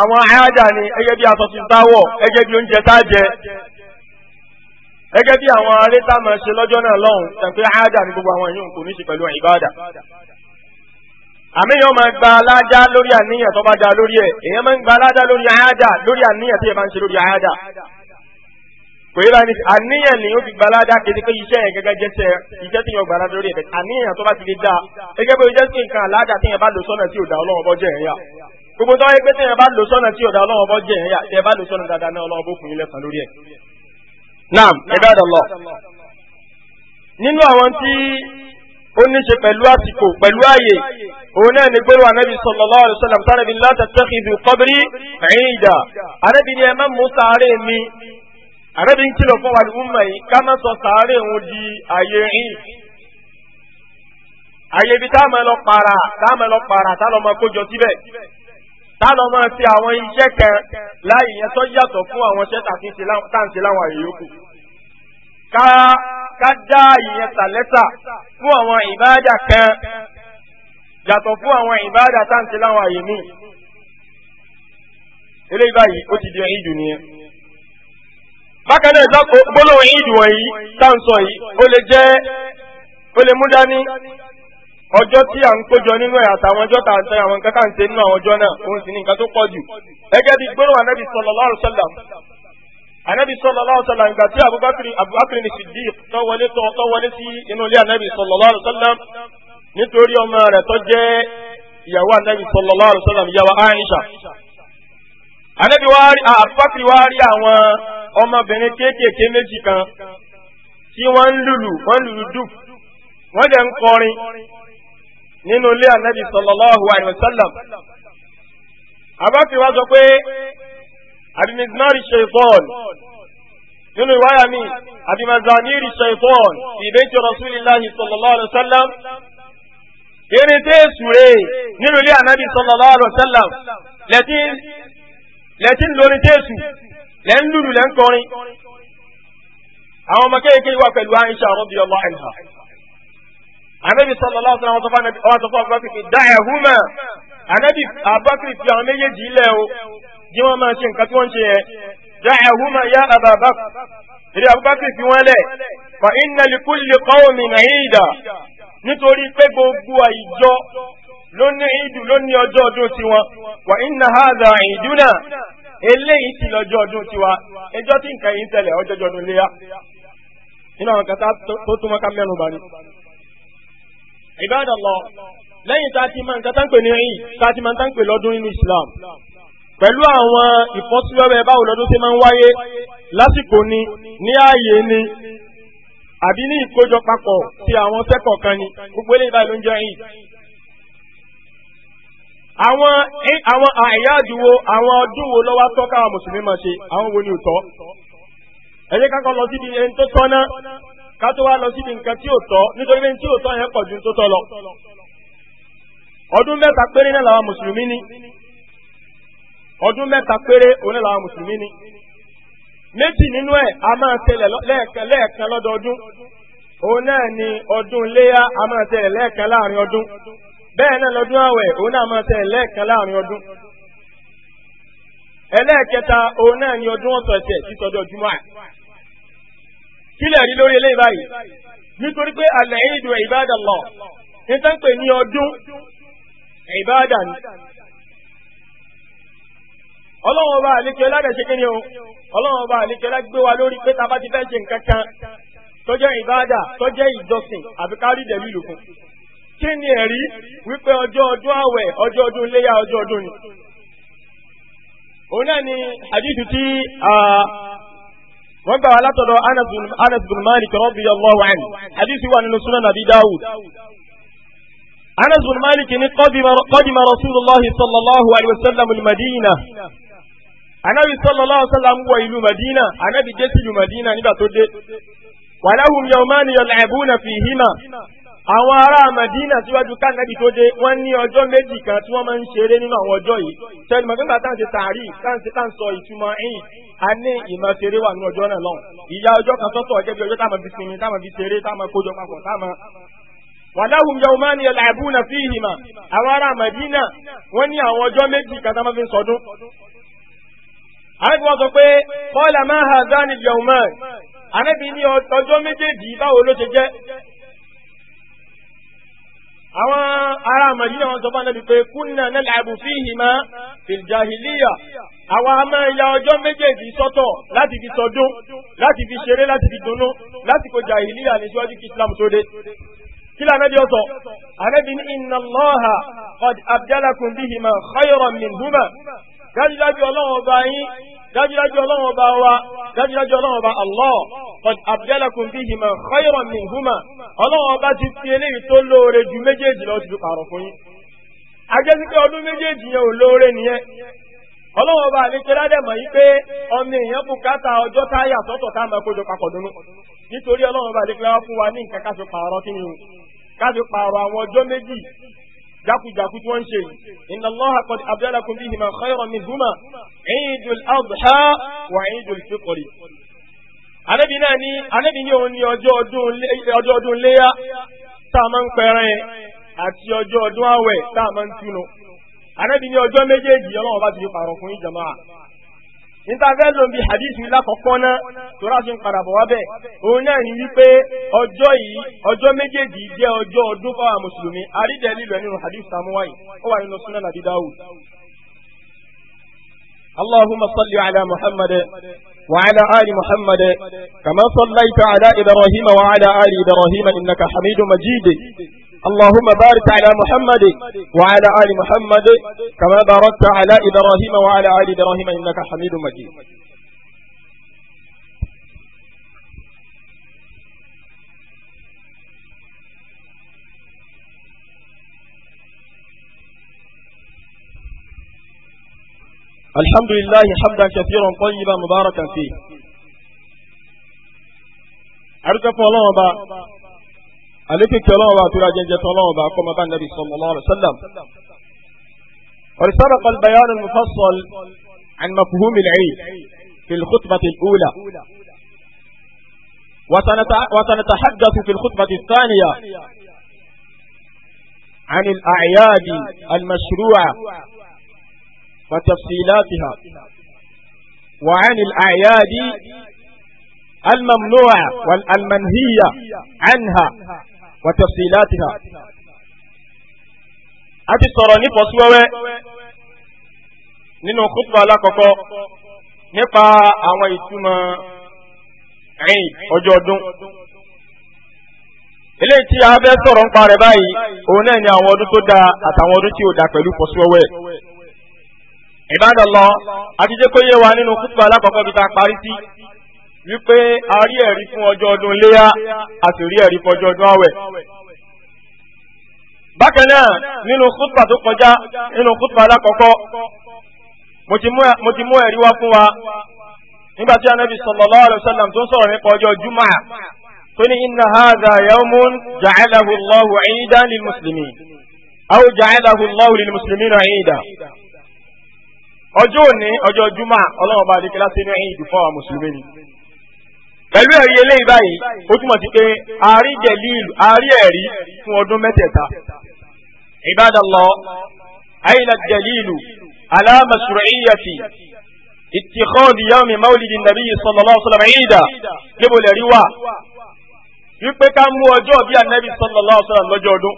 àwọn àyájà ni gẹ́gẹ́ bí aṣọ tuntun táwọ̀ gẹ́gẹ́ bí oúnjẹ tá a jẹ gẹ́gẹ́ bí àwọn arétà máa ṣe lọ́jọ́ náà lọ́hùn tẹ̀pẹ́ àyájà ni gbogbo àwọn èèyàn kò ní ṣe pẹ̀lú ìbáàdà. àmì yóò máa gba aládá lórí àníyàn tó bá da lórí ẹ̀ èèyàn máa ń gba aládá lórí àyájà lórí àníyàn tí ẹ máa ń ṣe lórí àyájà. kò yẹ báyìí àníyàn ni ó fi gba aládá kété pé iṣẹ́ ẹ̀ gẹ́gẹ́ jẹ́sẹ̀ iṣẹ́ tí yóò gba aládá lórí ẹ̀ àníyàn tó bá ti lè dáa gẹ́gẹ́ bí ó jẹ́ sí nǹkan aládá tí yẹn bá lò sọ́nà tí ò dá ọlọ́run bọ́jẹ́ ẹ̀yà gbogbo tó wáyé pé tẹ̀yìn bá lò sọ́nà tí ọ̀dà ọlọ́wọ́ bọ́ jẹ̀ yẹn yà tẹ̀yìn bá lò sọ́nà dáadáa náà ọlọ́wọ́ bó fún yín lẹ́sàn lórí ẹ̀. naam ibadallah nínú àwọn tí ó ní ṣe pẹ̀lú àsìkò pẹ̀lú ààyè òun náà ni gbólóhùn anábì sallallahu alaihi wasallam tánàbí la tattakhidhu qabri ida anábì ibi táwọn ọmọ ẹ lọ pààrà táwọn ọmọ ẹ lọ pààrà táwọn ọmọ kójọ síbẹ̀ tálọ́ máa ṣe àwọn iṣẹ́ kan láì yẹn tó yàtọ̀ fún àwọn iṣẹ́ tàǹtí láwọn àyè yòókù. ká ká dá ìyẹn tàlẹ́tà fún àwọn ìbáàdà kan yàtọ̀ fún àwọn ìbáàdà tàǹtí láwọn àyè míì. eléyìí báyìí ó ti di ẹyin jù nìyẹn. bákan náà gbólóhùn ẹyin jù wọ̀nyí táǹsọ̀ yìí ó lè jẹ́ ó lè mú dání ọjọ́ tí à ń nínú ẹ̀ àtàwọn ọjọ́ tá ń tẹ àwọn nǹkan ń tẹ nínú ọjọ́ náà òun sì nǹkan tó pọ̀ jù. anabi sọlọ alaihi anabi sọlọ alaihi wasallam ìgbà tí abubakar abubakar ni siddiq tó wale tó sí inú ilé anabi sọlọ alaihi wasallam nítorí ọmọ rẹ̀ tó jẹ́ ìyàwó anabi sọlọ ìyàwó aisha. wa abubakar wa rí àwọn ọmọbìnrin kéékèèké méjì kan tí wọ́n ń wọ́n nínú ilé ànábì sallallahu alayhi wa sallam abáfi wá sọ pé abimizmari shaytan nínú ìwáyà mi abimazaniri shaytan fi bayti rasulillahi sallallahu alayhi wa sallam eré tẹ́ sùré nínú ilé ànábì sallallahu alayhi wa sallam lẹ́tí lórí tẹ́sù lẹ́ ń lùlù lẹ́ ń kọrin àwọn ọmọ kéèké wà pẹ̀lú Aisha radiyallahu anha anabi sallallahu alaihi wa sallam wa sọ fún abubakar fi dáhà húmà anabi abubakar fi àwọn méjèèjì ilẹ̀ o jí wọ́n máa ṣe nǹkan tí wọ́n ń ṣe yẹn dáhà húmà yá ababak ìdí abubakar fi wọ́n lẹ̀ fa inna li kulli qawmin ìdá nítorí pé gbogbo àìjọ ló ní ìdù ló ní ọjọ́ Ibadallah lẹ́yìn tá a ti máa nǹkan tá ń pè ní ẹ̀yìn tá a ti máa ń tá ń pè lọ́dún nínú Islam pẹ̀lú àwọn ìfọ́síwẹ́wẹ́ báwo lọ́dún ṣe máa ń wáyé lásìkò ni ní ààyè ni àbí ní ìkójọpapọ̀ ti àwọn sẹ́kọ̀ọ́ kan ni gbogbo eléyìí báyìí ló ń jẹ́ ẹ̀yìn. àwọn àwọn àyà àdúgbò àwọn ọdún wo lọ́wọ́ tọ́ káwọn mùsùlùmí máa ṣe àwọn wo ni ò tọ́ ẹ jẹ́ ká kọ́ lọ síbi ẹni tó tọ́ náà ká tó wá lọ síbi nǹkan tí ò tọ́ nítorí pé tí ò tọ́ yẹn pọ̀ ju tó tọ́ lọ. ọdún mẹ́ta péré náà làwọn mùsùlùmí ni ọdún mẹ́ta péré òun ni méjì nínú ẹ̀ a máa ṣẹlẹ̀ lẹ́ẹ̀kan lẹ́ẹ̀kan lọ́dọọdún òun ni ọdún a máa ṣẹlẹ̀ lẹ́ẹ̀kan láàrin ọdún bẹ́ẹ̀ náà lọ́dún àwẹ̀ òun náà ni ọdún ọ̀sọ̀ọ̀sẹ̀ kílẹ̀ rí lórí eléyìí báyìí nítorí pé alẹ́ ìdù ìbádà lọ ní tán ní ọdún ìbádà ni. ọlọ́run o wa lórí pé tá a bá ti fẹ́ ṣe nǹkan kan tó jẹ́ ìbádà ìjọsìn àbí kárí dẹ̀lú ìlú fún. kí ni ẹ̀rí wípé ọjọ́ ọdún àwẹ̀ ọjọ́ ọdún iléyà ọjọ́ ọdún ni. wọ́n gbà wá látọ̀dọ̀ anas bin malik radiyallahu anhu hadith wà nínú sunan abi dawud anas bin malik ní qadima rasulillah sallallahu alayhi wa sallam madina anabi sallallahu alayhi wa sallam madina anabi dé sí madina nígbà tó dé wàláhùn yawmani yal'abuna fìhímà. àwọn ará àmàdínà síwájú kánẹ́bì tó dé wọ́n ní ọjọ́ méjì kan tí wọ́n máa ń ṣeré nínú àwọn ọjọ́ yìí tẹ́lẹ̀ mọ̀ nígbà táǹsì tààrí táǹsì táǹsọ ìtumọ̀ ẹ̀yìn a ní ìmọ̀ṣeré wà ní ọjọ́ náà lọ ìyá ọjọ́ kan sọ́tọ̀ ọjọ́ bí ọjọ́ táwọn fi sinmi táwọn fi ṣeré táwọn kójọ papọ̀ táwọn. wàláhùn yahoo máa fi ìhìmà àwọn ará àmàdínà wọ́n ní àwọn ọjọ́ méjì kan táwọn fi ń sọdún. sọ pé yahoo máa ní ọjọ́ méjèèjì báwo àwọn ará màdínà wọn sọ fún anábì pé kúnnà nal'abu fihima fil jahiliya àwọn a máa ya ọjọ́ méjèèjì sọ́tọ̀ láti fi sọdún láti fi ṣeré láti fi dunnú lásìkò jahiliya ní síwájú kí islam tó dé kí lóò anábì ọsọ anábì ní inna Allaha qad abdalakum bihima khayran dájúdájú ọlọ́run ọba yín dájúdájú ọlọ́run ọba wa dájúdájú ọlọ́run ọba allah qad abdalakum bihima khayran minhuma ọlọ́run ọba ti fi eléyìí tó lóore ju méjèèjì lọ ti fi pààrọ̀ fún yín ajẹ́sí pé ọdún méjèèjì yẹn ò lóore nìyẹn ọlọ́run ọba àlejò ládẹ́mọ̀ yìí pé ọmọ èèyàn bùkátà ọjọ́ tá a yà sọ́tọ̀ tá máa kójọ papọ̀ dunu nítorí ọlọ́run ọba àlejò wá fún wa ní nǹkan ká fi pààrọ̀ kí ni ká fi pààrọ̀ àwọn ọjọ́ méjì jákujàku tí wọ́n ń ṣe inna Allaha qad abdalakum bihima khayran minhuma Eidul Adha wa Eidul Fitri. Ànábì náà ní Ànábì ní òun ní ọjọ́ ọdún léyà tá a máa ń pẹran àti ọjọ́ ọdún àwẹ̀ tá a máa ń túnu. Ànábì ní ọjọ́ méjèèjì Ọlọ́run bá ti fi pààrọ̀ fún ìjàmáà níta fẹ́ ló ń bi hadith mi lákọ̀ọ́kọ́ náà tóra fi ń padà bọ̀ wá bẹ́ẹ̀ òun náà ní wípé ọjọ́ yìí ọjọ́ méjèèjì jẹ́ ọjọ́ ọdún fáwọn mùsùlùmí àrídẹ̀ lílọ nínú hadith samuwai ó wà nínú sunan abi dawud. اللهم صل على محمد وعلى آل محمد كما صليت على إبراهيم وعلى آل إبراهيم إنك حميد مجيد اللهم بارك على محمد وعلى آل محمد كما باركت على إبراهيم وعلى آل إبراهيم إنك حميد مجيد الحمد لله حمدا كثيرا طيبا مباركا فيه أرجو الله àlékè kí ọlọ́run bá àtúrà jẹjẹ tán النبي صلى الله عليه وسلم sallallahu البيان المفصل عن مفهوم العيد في الخطبة الأولى وسنتحدث في الخطبة الثانية عن الأعياد المشروعة وتفصيلاتها وعن الأعياد الممنوعة والمنهية عنها wa tafsilatiha a ti sọ̀rọ̀ nífọ̀síwẹ́wẹ́ nínú kútùbà alákọ̀ọ́kọ́ nípa àwọn ìtumọ̀ ẹ̀yìn ọjọ́ ọdún tí a fẹ́ sọ̀rọ̀ nípa rẹ̀ báyìí òun náà ni àwọn ọdún tó dáa àtàwọn ọdún tí ò dáa pẹ̀lú fọ̀síwẹ́wẹ́ Ibadallah a ti kó yé wa nínú kútùbà alákọ̀ọ́kọ́ bí ta parí wípé a rí ẹ̀rí fún ọjọ́ ọdún léyá a sì rí ẹ̀rí fún ọjọ́ ọdún àwẹ̀. bákan náà nínú kútùpà tó kọjá nínú kútùpà alákọ̀ọ́kọ́ mo ti mú ẹ̀rí wá fún wa nígbà tí anabi sallallahu alaihi wasallam tó ń sọ̀rọ̀ nípa ọjọ́ jumá tó ní inna hadha yawmun ja'alahu Allahu 'iidan lil muslimin aw ja'alahu Allahu lil muslimina 'iidan ọjọ́ òní ọjọ́ jumá Ọlọ́run bá adékẹ́lá sínú ẹ̀yìn ìdìfọ́ àwọn mùsùlùmí ni pẹ̀lú ẹ̀rí eléyìí báyìí ó túmọ̀ sí pé àárín dẹ̀líìlù àárín ẹ̀rí fún ọdún mẹ́tẹ̀ẹ̀ta ibadallah àyìnlá dẹ̀líìlù ala mashru'iyyati ittikhadhi yawmi mawlidi nabi sallallahu alaihi wasallam ìdá níbo lè rí wà wípé ká mú ọjọ́ bí anabi sallallahu alaihi lọ́jọ́ ọdún.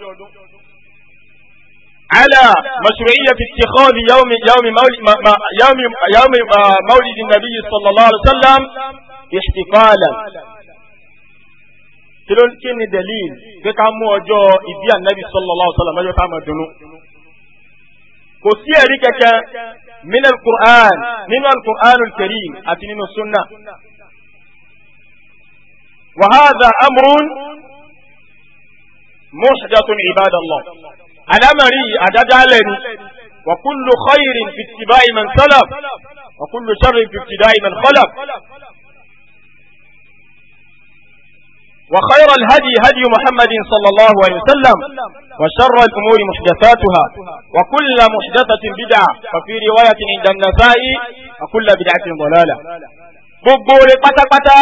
على مشروعية اتخاذ يوم يوم مولد يوم يوم مولد النبي صلى الله عليه وسلم ihtiqalan kí ni dalil pé ká mú ọjọ́ ìbí ànábì sallallahu alaihi wasallam ọjọ́ tá a máa dùnnú kò sí ẹ̀rí kẹ̀kẹ́ min al-Qur'an nínú al-Qur'an al-Karim àti nínú sunna wa hadha amrun muhdathun ibadallah alámàrí àdádálẹ̀ ni wa kullu khairin fi ittiba'i man salaf wa kullu sharrin fi ibtida'i man khalaf. وخير الهدي هدي محمد صلى الله عليه وسلم وشر الأمور محدثاتها وكل محدثة بدعة ففي رواية عند النساء وكل بدعة ضلالة gbogbo rẹ̀ pátápátá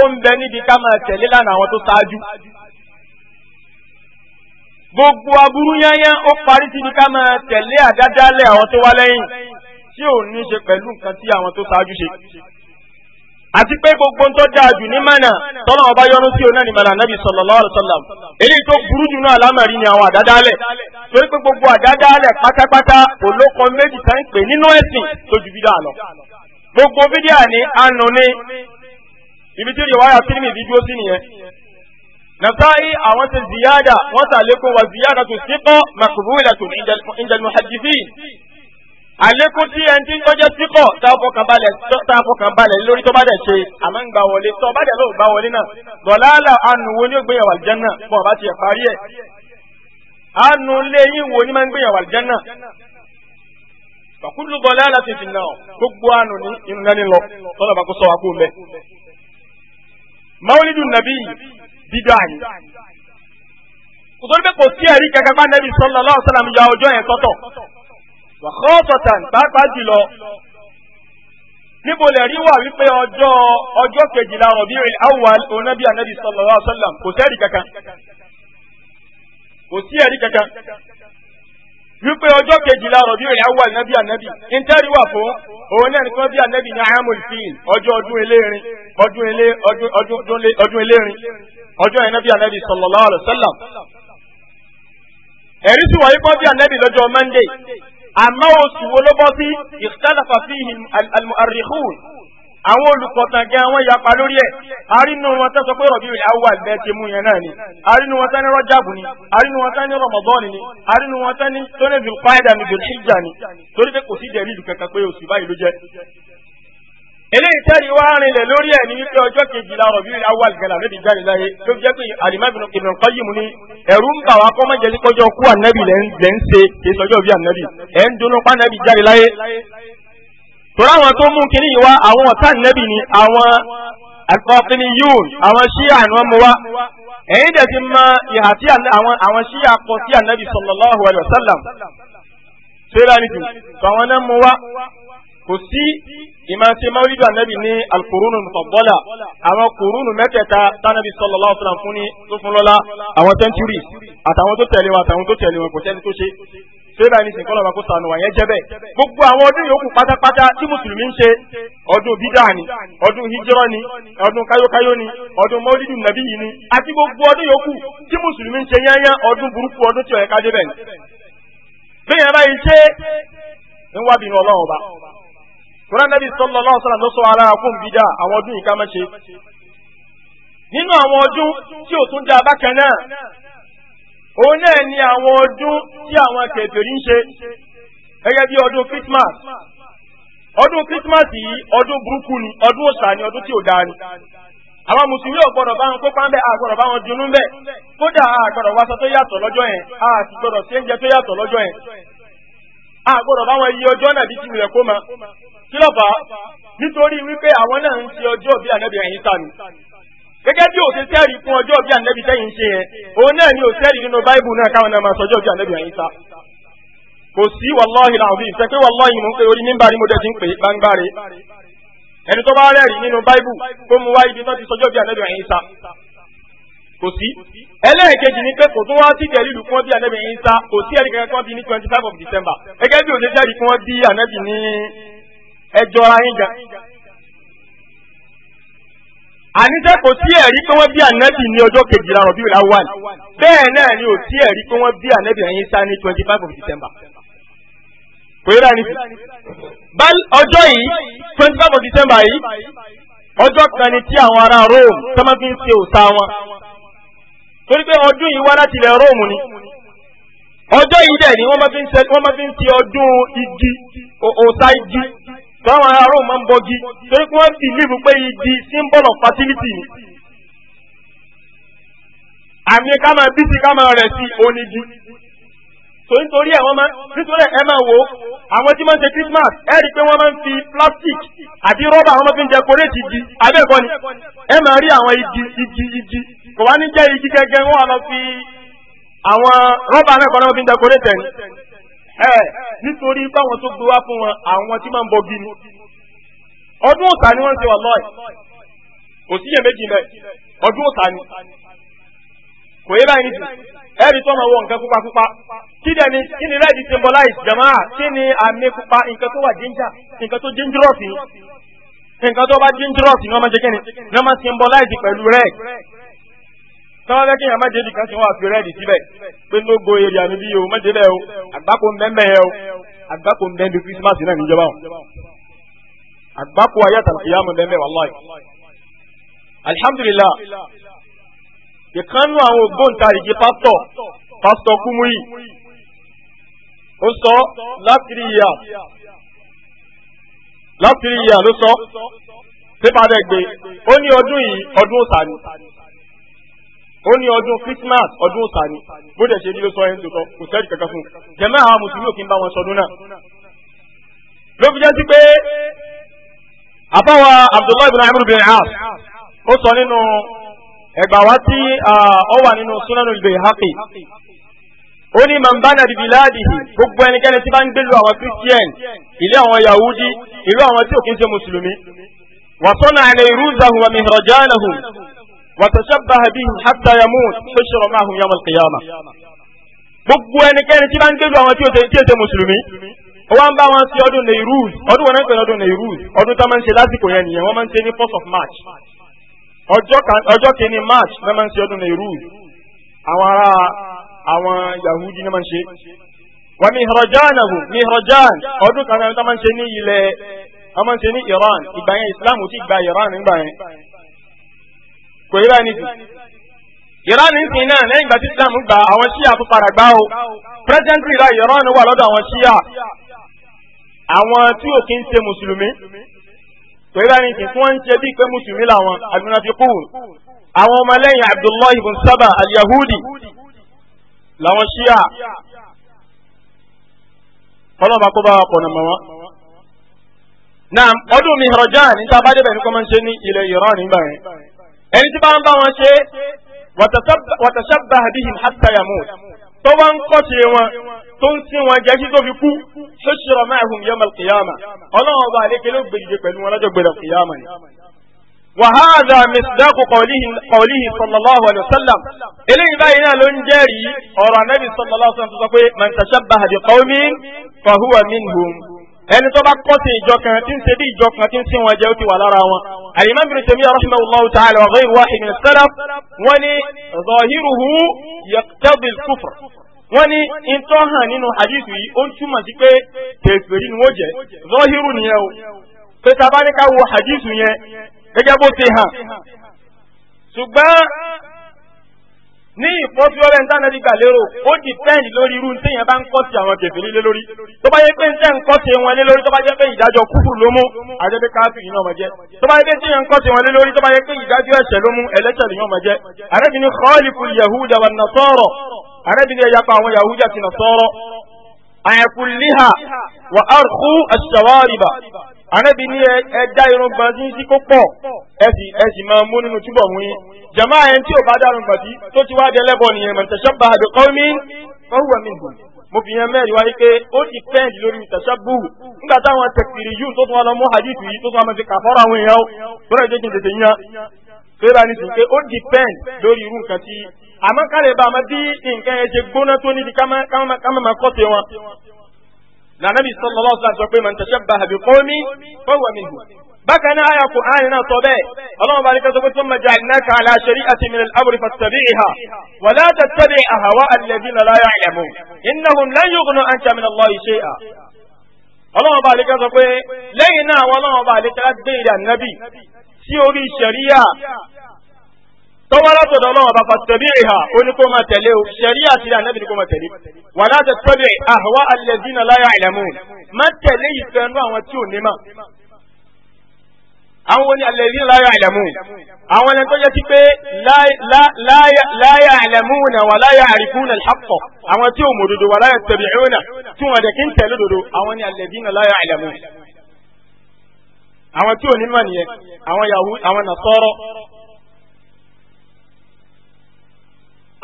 ó ń bẹ níbi ká máa tẹ̀lé lánàá àwọn tó ṣáájú gbogbo aburú yányá ó parí síbi ká máa tẹ̀lé àdádálẹ̀ àwọn tó wá lẹ́yìn tí ò ní ṣe pẹ̀lú nǹkan tí àwọn tó ṣáájú ṣe àti pé gbogbo ń tó dáa jù ní mánà tọ́lá ọba yọ́nú sí onáni mánà nàbì sallallahu alaihi wasallam eléyìí tó burú jù náà lámàrí ni àwọn àdádálẹ̀ torí pé gbogbo àdádálẹ̀ pátápátá kò lóko méjì tá ń pè nínú ẹ̀sìn tó ju bídà lọ. gbogbo bídà ni àánú ni ibi tí riwaya tìrìmì bí dúró sí nìyẹn. Nasa'i àwọn ti ziyada wọ́n sàlékún wa ziyada tó sípọ̀ maqbulatun inda al-muhaddithin àlékún tí ẹni tí ń tọ́jẹ́ síkọ̀ tá a fọkàn balẹ̀ lórí tó bá dẹ̀ ṣe àmọ́ ń gbà wọlé tó bá dẹ̀ lóò gbà wọlé náà dọ̀láàlà àánú wo ni ó gbéyàwó àlìjẹ́nà bọ̀ bá tiẹ̀ parí ẹ̀ àánú lé yín wo ni máa ń gbéyàwó àlìjẹ́nà fàkúlù dọ̀láàlà ti dìnnà gbogbo àánú ní inú náà ní lọ tọ́lọ̀ bá kó sọ wa kó mẹ́. mawulidu nabi dídá yìí kòtò wàhọ́tọ̀tàn pàápàá jùlọ níbo lè rí wà wípé ọjọ́ ọjọ́ kejìlá Rabi'ul Awwal onábì ànábì sallallahu alaihi wasallam kò sẹ́ẹ̀rì kankan kò sí ẹ̀rí kankan wípé ọjọ́ kejìlá Rabi'ul Awwal nábì ànábì ntẹ́rì wà fún òun náà nìkan bí ànábì ní amul fiil ọjọ́ ọdún eléèrin ọdún elé ọdún eléèrin ọjọ́ yẹn nábì ànábì sallallahu alaihi wasallam ẹ̀rí sì wáyé kọ́ bí ànábì lọ́jọ́ Monday àmọ́ oṣù wo ló bọ́ sí ikhtalafa fihi al-mu'arrikhun àwọn olùkọ̀tàn gan wọ́n yapa lórí ẹ̀ arínú wọn tán sọ pé rọ̀bí rẹ̀ awà bẹ́ ti mú yẹn náà ni arínú wọn tán ní rọ́jàbù ni arínú wọn tán ní rọmọdọ́ọ̀nì ni arínú wọn tán ní tónébìlú fáìdà ní dòlíjà ni torí pé kò sí dẹ̀lílù kankan pé oṣù báyìí ló jẹ́ eléyìí tẹ́rì wá rinlẹ̀ lórí ẹ̀ ní wípé ọjọ́ kejìlá Rabiul Awwal gẹ̀lá lóbi jáde láyé tó fi jẹ́ pé Al-Imam Ibn Qayyim ní ẹ̀rú ń bà wá kọ́ mọ́jẹ́ ní kọjọ́ kú ànábì lẹ́ ń ṣe kì í sọjọ́ bí ànábì ẹ̀ ń dunu pa ànábì jáde láyé. torí àwọn tó mú kínní yìí wá àwọn ọ̀tá ànábì ni àwọn àkọ́pínì yún àwọn ṣíà ni wọ́n mú wá ẹ̀yin dẹ̀ ti mọ ìhà tí àwọn ṣíà kọ sí ànábì sallallahu kò sí ìmọ̀ọ́sẹ̀ mawulidu anabi ní alukurunu mufaddala àwọn kurunu mẹ́tẹ̀ẹ̀ta tánàbí sallallahu alaihi wasallam fún ní tó fún lọ́la àwọn sẹ́ńtúrì àtàwọn tó tẹ̀lé wọn àtàwọn tó tẹ̀lé wọn kò sẹ́ni tó ṣe sébà ní sìnkọ́lọ̀ bá kó sànù gbogbo àwọn ọdún yòókù pátápátá tí mùsùlùmí ń ṣe ọdún bídà ọdún hijrọ́ ọdún káyókáyó ni ọdún mọ́lídù yìí gbogbo ọdún yòókù tí mùsùlùmí ń ṣe yányá ọdún burúkú ọdún tí ọ̀yẹ́ká bẹ́ẹ̀ yẹn báyìí ṣe ń tọ́lá nàbí sọ́lọ́ lọ́wọ́ sọ́lá sọ ara fún awọn àwọn ọdún yìí nínú àwọn ọdún tí o tún dá bákan náà òun náà ni àwọn ọdún tí àwọn kèfèrí ń ṣe gẹgẹ bí ọdún Christmas ọdún Christmas yìí ọdún burúkú ni ọdún òṣà ni ọdún tí ò dáa ni àwọn mùsùlùmí ò gbọdọ̀ bá wọn kópa ń bẹ a gbọdọ̀ bá wọn bẹ kódà a gbọdọ̀ wáṣọ tó yàtọ̀ lọ́jọ́ yẹn a sì gbọdọ̀ sí oúnjẹ tó yàtọ̀ lọ́jọ́ a gbọ́dọ̀ bá wọn yí ọjọ́ náà bí ti wùyẹ̀ kó ma kí ló fà á nítorí wípé àwọn náà ń ṣe ọjọ́ bí ànábì ẹ̀yìn sànù gẹ́gẹ́ bí òṣè sẹ́ẹ̀rì fún ọjọ́ bí ànábì sẹ́yìn ṣe yẹn òun náà ni òṣèlú nínú báíbù náà káwọn náà máa sọjọ́ bí ànábì ẹ̀yìn sá kò sí wàláhì làwọn bíi sẹ́pẹ́ wàláhì mú pé orí nígbà ni mo dẹ̀ ti ń pè gbangba rẹ̀ ẹni tó bá rẹ́rìí nínú báíbù kó mu wá ibi tó ti sọjọ́ bí ànábì ẹ̀yìn sá kò sí. ẹlẹ́ẹ̀kejì ni pé kò tó wá sí ìjẹ́rìí ìlú fún bí ànábì Ìsá kò sí ẹ̀rí kankan bí ní twenty five of December gẹ́gẹ́ bí òṣèṣẹ́ rí fún bí ànábì ní ẹjọ́ ara yín ga. àníṣe kò sí ẹ̀rí pé wọ́n bí ànábì ní ọjọ́ kejìlá ọ̀bí ìlà wà ní bẹ́ẹ̀ náà ni ò sí ẹ̀rí pé wọ́n bí ànábì Ìsá ní twenty five of December. kò yẹ láàrin sí. ọjọ́ yìí twenty five of December yìí ọjọ́ kan ni tí àwọn ará Rome tọ́mọ́ fi ń ṣe wọn torí pé ọdún yìí wá láti ilẹ̀ róòmù ni ọjọ́ yìí dẹ̀ ni wọ́n máa fi ń ṣe wọ́n máa fi ń ti ọdún igi òòta igi báwọn ará róòmù máa ń bọgi torí pé wọ́n bìlíìfù pé igi symbol of fertility ni àmì ká máa bí sí ká máa rẹ̀ sí onígi. so nítorí ẹ wọ́n máa nítorí ẹ máa wò ó àwọn tí ń ṣe Christmas ẹ rí i pé wọ́n máa fi plastic àti rọ́bà wọ́n máa fi ń dẹkoréètì igi abẹ́ẹ̀kọ́ ni ẹ máa rí àwọn igi igi igi kò wá ní jẹ́ igi gẹ́gẹ́ wọ́n á lọ fi àwọn rọ́bà náà kọ́ fi ń ẹ nítorí báwọn tó gbé wá fún wọn àwọn tí máa ń bọ gini ọdún ni wọ́n ń ṣe lọ́ọ̀ kò yé báyìí nìtú ẹ̀rí tó máa wọ nǹkan pupa pupa kí dẹ̀ ni kí ni rẹ́ẹ̀dì symbolize jamaa kí ni àmì pupa nǹkan tó wà danger nǹkan tó dangerous ni nǹkan tó bá dangerous ni wọ́n máa jẹ́ kí ni wọ́n máa symbolize pẹ̀lú rẹ́ẹ̀d sọ́wọ́n fẹ́ kí èèyàn má débi kan sí wọn àfi rẹ́ẹ̀dì síbẹ̀ pé ló gbo èrè àmì bí o má débẹ̀ o àgbákò mbẹ́mbẹ́ yẹ o àgbákò mbẹ́mbẹ́ Christmas náà níjọba o àgbákò ayé àtàlàyé àmọ̀ mbẹ́mbẹ́ wàláì alhamdulillah ìkànnù àwọn ògbóǹtarìgì pásítọ̀ pásítọ̀ Kúmúyì ó sọ láfírí ìyá láfírí ìyá ló sọ pépà rẹ̀ gbé ó ní ọdún yìí ọdún òsà ó ní ọdún Christmas ọdún òsà ni bó dẹ̀ ṣe ní ló sọ ẹ̀ ń tòótọ́ kò sẹ́ẹ̀dì kankan fún un jẹ̀mẹ́ àwọn mùsùlùmí ò kí ń bá wọn sọdún náà ló fi jẹ́ sí pé àbáwa Abdullahi bin Amr bin As ó sọ nínú ẹgbà wá tí ọ wà nínú súnánù Bayhaqi ó ní man bana bi biladihi gbogbo ẹnikẹ́ni tí bá ń gbèlú àwọn christian ilé àwọn yahudi ìlú àwọn tí òkè ń ṣe mùsùlùmí wa sana'a nayruzahu wa mihrajanahum wa tashabbaha bihim hatta yamut hushira ma'ahum yawm al-qiyamah gbogbo ẹnikẹ́ni tí bá ń gbèlú àwọn tí òkè ń ṣe mùsùlùmí ó wá ń bá wọn sí ọdún Nairuz ọdún wọn náà ń pè ní ọdún Nairuz ọdún máa ń ṣe lásìkò yẹn nìyẹn wọ́n máa ń ṣe ní first of March ọjọ́ kìíní march náà máa ń ṣe ọdún nehru àwọn ará àwọn yahudi náà máa ń ṣe wà mihrajan ahùn mihrajan ọdún kan náà máa ń ṣe ní ilẹ̀ wọ́n máa ń ṣe ní iran ìgbà yẹn islam ti gba iran nígbà yẹn kò yẹ báyìí nìyí iran ń sìn náà lẹ́yìn ìgbà tí islam gba àwọn shia tó fara gbá o president iran wà lọ́dọ̀ àwọn shia àwọn tí òkè ń ṣe mùsùlùmí tó yẹ báyìí tí wọ́n ń ṣe bíi pé mùsùlùmí làwọn almunafiqun àwọn ọmọlẹ́yìn abdullahi ibn saba al-yahudi làwọn ṣíà kọ́lọ́mù bá kó bá wọn pọ̀nà mọ́ wọn. naam ọdún mihrajan ní tá bá débẹ̀ ní kọ́mọ́ ń ṣe ní ilẹ̀ iran nígbà yẹn ẹni tí bá ń bá wọn ṣe wàtàṣàbà bíi hatta tó bá ń kọ́ ṣe wọn tó ń sin wọn jẹ́ kí tó fi kú tó ṣòro ma'ahum yawm al-qiyamah ọlọ́run ọba àlékè ló pẹ̀lú wọn lọ́jọ́ gbèdà kìyàmà ni. وهذا مصداق قوله قوله صلى الله عليه وسلم إليه باينا لنجري أرى النبي صلى الله عليه وسلم تقول من تشبه بقوم فهو منهم ẹni tó bá kọ́ sí ìjọ kan tí ń ṣe bí ìjọ kan tí ń sin wọn jẹ́ ó ti wà lára wọn àyìnbá bìrì tèmi ọ̀rọ̀ṣẹ́ ọlọ́hu ta'ala wa ghayru wahid min as-salaf wọ́n ní ìtọ́ hàn nínú hadith yìí ó ń túmọ̀ sí pé kèfèrí ni wọ́n jẹ́ zọ́hírù nìyẹn o pé tàbá ní ká wo hadith yẹn gẹ́gẹ́ bó ti hàn ṣùgbọ́n ní ìfọ́síwọ́rẹ́ níta náà dìgbà lérò ó depend lórí irú ní téèyàn bá ń kọ́ sí àwọn kèfèrí lé lórí tó bá yẹ pé níta ń kọ́ sí wọn lé lórí tó bá yẹ pé ìdájọ́ kúfù ló mú àjẹbí káfí yìí náà mọ̀ jẹ́ tó bá yẹ pé téèyàn ń kọ́ sí wọn lé lórí tó bá yẹ pé ìdájọ́ ẹ̀ṣẹ̀ ló mú ẹlẹ́ṣẹ̀ lè yàn mọ̀ jẹ́ àrẹ́bìnrin kọ́ọ̀lì kùn yahuda wa nasara arábìnrin ẹ̀yà pa àwọn yahudi àti nasara àyẹ̀kùnléhà na áàrùkú àṣàwárìbà arábìnrin ẹ̀dá irun gbọ̀n sí sí ẹ̀sìn máa mú nínú túbọ̀ mú yín jàmá ẹni tí ò bá dárun gbọ̀n tó ti wá dẹlẹ́bọ nìyẹn man mo fi yẹn mẹ́rin wáyé pé ó ti pẹ́ǹd lórí tashabbu nígbà táwọn tẹ̀sìrì yìí tó tún wọn lọ mú hadith yìí tó tún wọn fi kàfọ́rọ̀ àwọn èèyàn ó bọ́lá ìjẹ́jìn tètè yín àmọ́ kálẹ̀ bá àmọ́ bí nǹkan ẹ ṣe gbóná tó níbi ká má máa kọ́ tiwọn. lànàbí sallallahu alaihi wasallam sọ pé man tashabbaha bi qawmin fahuwa minhum. bákan náà àyà kò àyìn náà sọ bẹ́ẹ̀ ọlọ́run bá nìkan sọ pé thumma ja'alnaka ala shari'atin min al-amri fattabi'ha wa la tattabi' ahwa'a alladhina la ya'lamun innahum lan yughnu anka min Allahi shay'a náà tọ́wọ́ látọ̀dọ̀ ọlọ́run ọba fàtẹ̀bí ìhà oníkó máa tẹ̀lé o ṣẹ̀rí àti ànábì ní kó máa tẹ̀lé wà láti tọ́bẹ̀ àwa alẹ́dínà láyà ìlàmú má tẹ̀lé ìfẹ́nú àwọn tí ò ní mà àwọn ni alẹ́dínà láyà ìlàmú àwọn ẹni tó yẹ sí pé láyà ìlàmú na wà láyà àríkú na lhàpọ̀ àwọn tí ò mọ̀ dodo wà láyà tẹ̀bẹ̀ ìhónà tí wọn dẹ̀ kí ń tẹ̀lé dodo àwọn ni alẹ́dínà láyà ìlàmú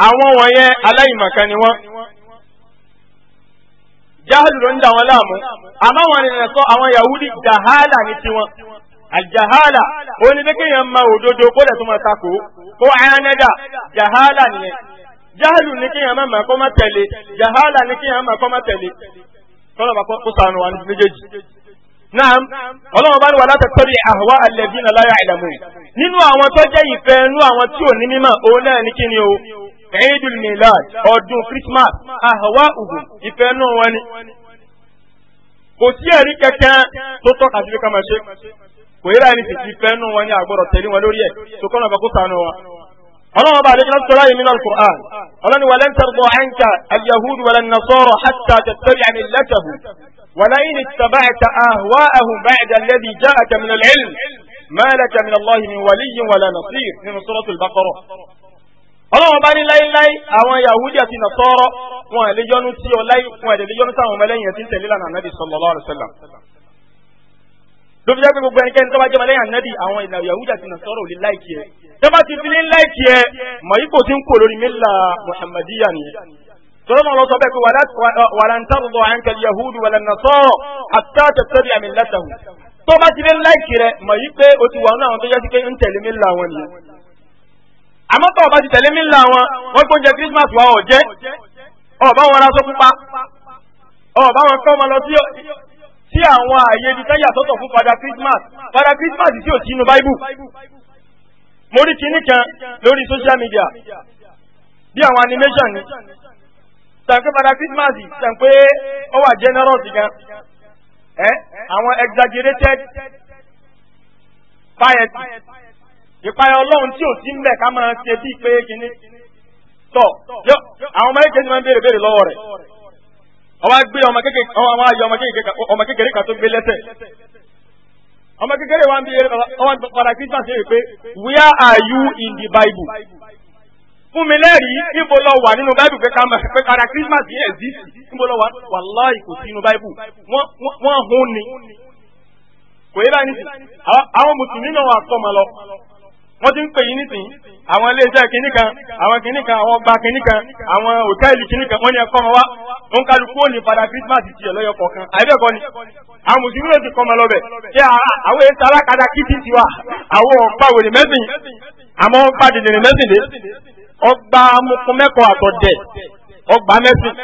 àwọn wọ̀nyẹn aláìmọ̀kan ni wọ́n jahadu ló ń da wọn láàmú àmọ́ wọn ni àwọn yahudi jahala ni tiwọn aljahala ó ní kéèyàn máa òdodo kó dẹ̀ tó jahala nìyẹn jahalu ni kéèyàn máa máa kọ́ tẹ̀lé jahala ni kéèyàn ma kọ́ máa tẹ̀lé kọ́lọ́ bá kó sànù wa méjèèjì. Naam, bá ní la Nínú àwọn tó jẹ́ ìfẹ́ àwọn tí o, Eidul Milad ọdún Christmas àhàwá ògùn ìfẹ́ náà wọn ni. Kò sí ẹ̀rí kankan tó tọ́ka sí ká máa ṣe. Kò yẹ́ra ẹni sì ti fẹ́ náà wọn ni àgbọ̀rọ̀ tẹ̀lé wọn lórí ẹ̀ tó kọ́nà bá kó sànù wọn. اللهم بارك لنا الصلاة من القرآن قال ولن ترضى عنك اليهود ولا النصارى حتى تتبع ملتهم ولئن اتبعت أهواءهم بعد الذي جاءك من العلم ما لك من الله من ولي ولا نصير من سورة البقرة ọlọ́run bá ní láíláí àwọn yahudi àti nàtọ́rọ́ wọn lè yọnu tí ọ láí wọn lè yọnu táwọn ọmọlẹ́yìn ẹ̀sìn tẹ̀lé lánàá nàbì sallallahu alaihi wasallam. lóbi jáde gbogbo ẹnikẹ́ni tó bá jẹ́ ọmọlẹ́yìn ànábì àwọn yahudi àti nàtọ́rọ́ ò lè láìkì ẹ̀ tó bá ti fi ní láìkì ẹ̀ mọ̀yíkò ti ń kó lórí mílà muhammadiyya nìyẹn. tọ́lọ́mọ lọ sọ bẹ́ẹ̀ pé wàlá ń tàbùdọ̀ àǹkẹ́lì yahudi wàlá nàtọ́rọ́ àtàtẹ̀tẹ̀bí àmì tó bá ti ní láìkì rẹ̀ mọ̀yí pé o ti wà náà àwọn tó yẹ àmọ́ tó ọba ti tẹ̀lé mi ńlá wọn wọ́n gbóúnjẹ Christmas wa ọ̀jẹ́ ọba wọn ra sókúpa ọba wọn kọ́ ọmọ lọ sí sí àwọn ààyè ibi tẹ́yà sọ́tọ̀ fún padà Christmas padà Christmas tí ò sí inú Bible mo rí kinní kan lórí social media bí àwọn animation ni sànkpé padà Christmas sànkpé ó wà generous gan ẹ àwọn exaggerated piety ìpayà ọlọ́run tí ò sí ń bẹ̀ ká máa ṣe bíi pé kínní. tọ àwọn ọmọ kékeré máa ń béèrè béèrè lọ́wọ́ rẹ̀ ọwọ́ gbé ọmọ kékeré ọmọ ayé ọmọ kékeré kan tó gbé lẹ́sẹ̀ ọmọ kékeré wa ń béèrè ọmọ padà Christmas ṣe pé where are you in the Bible fún mi lẹ́rìí níbo lọ wà nínú Bible pé pé padà Christmas yẹn exist níbo lọ wà wàláì kò sí inú Bible wọ́n hún ni kò yẹ báyìí nísìnyí àwọn mùsùlùmí náà wà sọ́mọ lọ wọ́n ti ń pè yín nísìnyí àwọn iléeṣẹ́ kìnní kan àwọn kìnní kan àwọn ọgbà kìnní kan àwọn hòtẹ́ẹ̀lì kìnní kan wọ́n ní ẹ̀kọ́ wa ó ń kálukú ó ní padà kírísímàsì tiẹ̀ lọ́yọ̀ kọ̀ọ̀kan àìbẹ̀kọ ni àwọn mùsùlùmí ló ti kọ́ ọmọ lọ́bẹ̀ kí àwọn èyí sara kada kìtì tiwa àwọn ọ̀pá wèrè mẹ́sìn àmọ́ ọ̀pá dìdìrín mẹ́sìn dé ọgbà amukun mẹ́kọ̀ọ́ àtọ̀dẹ̀ ọgbà mẹ́sìn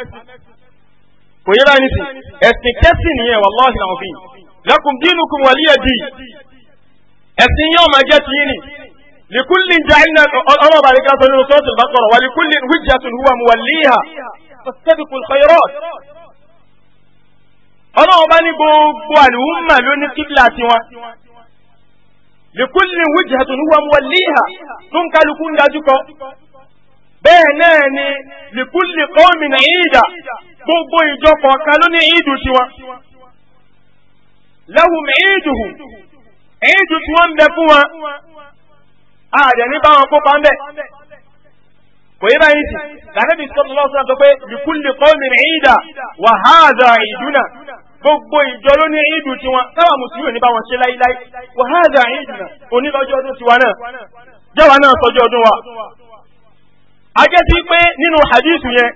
kò yẹ báyìí nísìn ẹ̀sìn kẹ́sìn nìyẹn wàláhì làwọn fi lakum dinukum waliya din ẹ̀sìn yóò máa jẹ́ tiyín ni likulli ja'alna ọmọ bàríkà sọ nínú sọ́ọ̀tì bàkọ̀rọ̀ wà likulli hujjatun huwa muwalliha fastabiqul khayrat. ọlọ́wọ́ bá ní gbogbo àlùmọ̀ lóní kíbla tiwọn. likulli hujjatun huwa muwalliha tó ń kálukú ń dájú kọ. bẹ́ẹ̀ náà ni likulli qawmin 'ida gbogbo ìjọ kọ̀ọ̀kan lóní ìdù tiwọn. lahum 'iduhum 'idu tiwọn bẹ fún wọn àdẹ̀ ní báwọn kópa ń bẹ̀ kò yí báyìí sí lànàbí sọ́dún lọ́sọ̀ sọ pé lìkúlì kọ́ọ̀mì ìdà wàhálà ìdúnà gbogbo ìjọ ló ní ìdù tiwọn táwa mùsùlùmí ní báwọn ṣe láíláí wàhálà ìdùnà onílọ́jọ́ ọdún tiwa náà jẹ́wàá náà sọjọ́ ọdún wa. a jẹ́ sí pé nínú hadith yẹn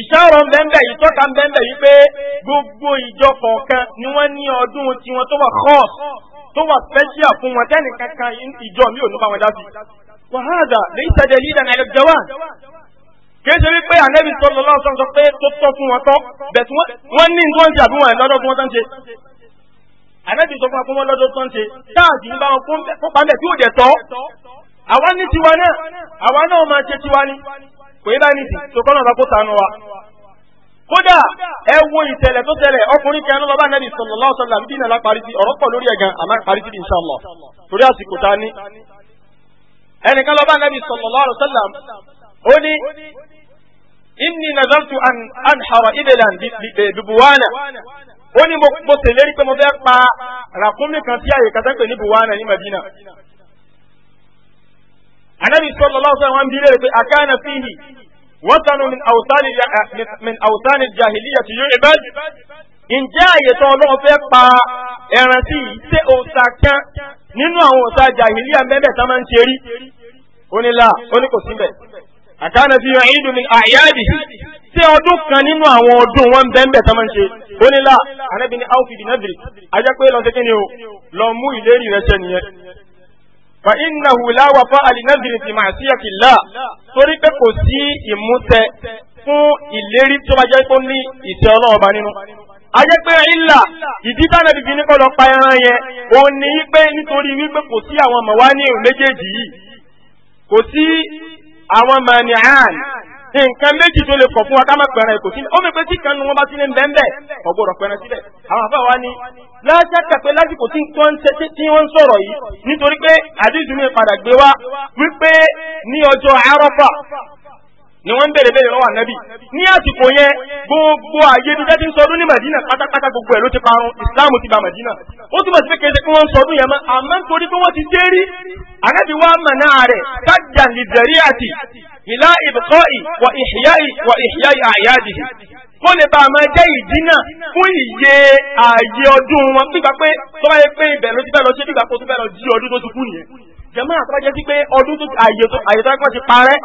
ìṣàrọ̀ bẹ́ẹ̀bẹ́ ìtọ́ka bẹ́ẹ̀bẹ́ yìí pé gbogbo ìjọ kọ̀ọ̀kan ni wọ́n ní ọdún tiwọn tó wà kọ́ọ̀sì tó wà special fún wọn tẹ́nì kankan ìjọ mi ò ní bá wọn dá sí. wàhálà lẹ́yìn tẹ̀lé lílà náà ẹ̀jẹ̀ wà. kìí ṣe wípé ànẹ́bí sọ̀rọ̀ lọ́wọ́ sọ̀rọ̀ pé tó tọ́ fún wọn tọ́ bẹ̀tù wọ́n ní tó ń ṣe àbí wọn lọ́dọ̀ fún wọn tó ń ṣe. ànẹ́bí sọ fún wọn lọ́dọ̀ tó ń ṣe táàdì ń bá wọn kó mẹ́ tí ò dẹ̀ tọ́. àwa ní tiwa náà àwa náà máa ṣe tiwa ni kò yẹ báyìí nìsí tó kọ́ kódà ẹ wo ìṣẹ̀lẹ̀ tó ṣẹlẹ̀ ọkùnrin kan ló lọ bá nẹ́bí sallallahu alaihi wasallam bí nàlá parí sí ọ̀rọ̀ pọ̀ lórí ẹ̀gàn àmọ́ parí sí insha Allah torí àsìkò ta ní. ẹnìkan lọ bá nẹ́bí sallallahu alaihi wasallam ó ní inni nazartu an anhara ibelan bibuwana ó ní mo ṣèlérí pé mo fẹ́ pa ràkúnmí kan sí àyè kàtàkì ní buwana ní Madina. Ànábì sallallahu alaihi wasallam wọn bí lè rè pé àkáyàn fíhì wọ́tánú min àwùtánì jahiliya ti yóò ibẹ̀. ǹjẹ́ àyè tán ọlọ́run fẹ́ pa ẹran sí yìí ṣé òòṣà kan nínú àwọn òòṣà jahiliya mẹ́bẹ̀ tá máa ń ṣe rí. ó ní là ó ní kò síbẹ̀. àkànnà fi hàn ìdùn mi àyáàdì ṣé ọdún kan nínú àwọn ọdún wọn bẹ́ẹ̀ tá máa ń ṣe. ó ní là anábìíní áwùfìdì nàbìrì ajá pé lọ sí kí ni o lọ mú ìlérí rẹ ṣẹ nìyẹn fa innahu la wafa'a li nadhri fi ma'siyati Allah torí pé kò sí ìmúṣẹ fún ìlérí tó bá jẹ́ tó ní ìṣẹ́ ọlọ́run ọba nínú. a jẹ́ pé ìlà ìdí tánà bíbí ní kọ́ lọ ẹran yẹn òun ní í pé nítorí wípé kò sí àwọn mọ̀wá ní ìrùn méjèèjì yìí kò sí àwọn mọ̀nìyàn nǹkan méjì tó lè kọ̀ fún wa ká má pẹ̀rẹ̀ kò sí ó mi pé tí kan nu wọn bá sí ní bẹ́ẹ̀ kò gbọdọ̀ pẹ̀rẹ̀ síbẹ̀ àwọn àbá wa ni lájàkà pé lásìkò tí wọ́n ń tẹ́tí tí wọ́n ń sọ̀rọ̀ yìí nítorí pé àdéhùn padà gbé wa wípé ní ọjọ́ àárọ̀fà ni wọ́n ń bèrè bèrè lọ́wọ́ ànábì ní àsìkò yẹn gbogbo àyè ibi tẹ́tí ń sọdún ní Madina pátápátá gbogbo ẹ̀ ló ti parun Islam ti ba Madina ó túbọ̀ sí pé kẹsẹ̀ pé wọ́n ń sọdún yẹn mọ́ àmọ́ nítorí pé wọ́n ti dé rí ànábì wa mọ̀nà rẹ̀ tájà ní zari'ati ìlà ibqa'i wa ihya'i wa ihya'i a'yadihi kó lè bá a máa jẹ́ ìdínà fún ìyè ààyè ọdún wọn nígbà pé tó bá yẹ pé ibẹ̀ ti fẹ́ lọ ṣe nígbà tó fẹ́ lọ jí ọdún tó ti kú nìyẹn jẹ̀mọ́ àtọ́jẹ́ sí pé ọdún tó àyè tó ti parẹ́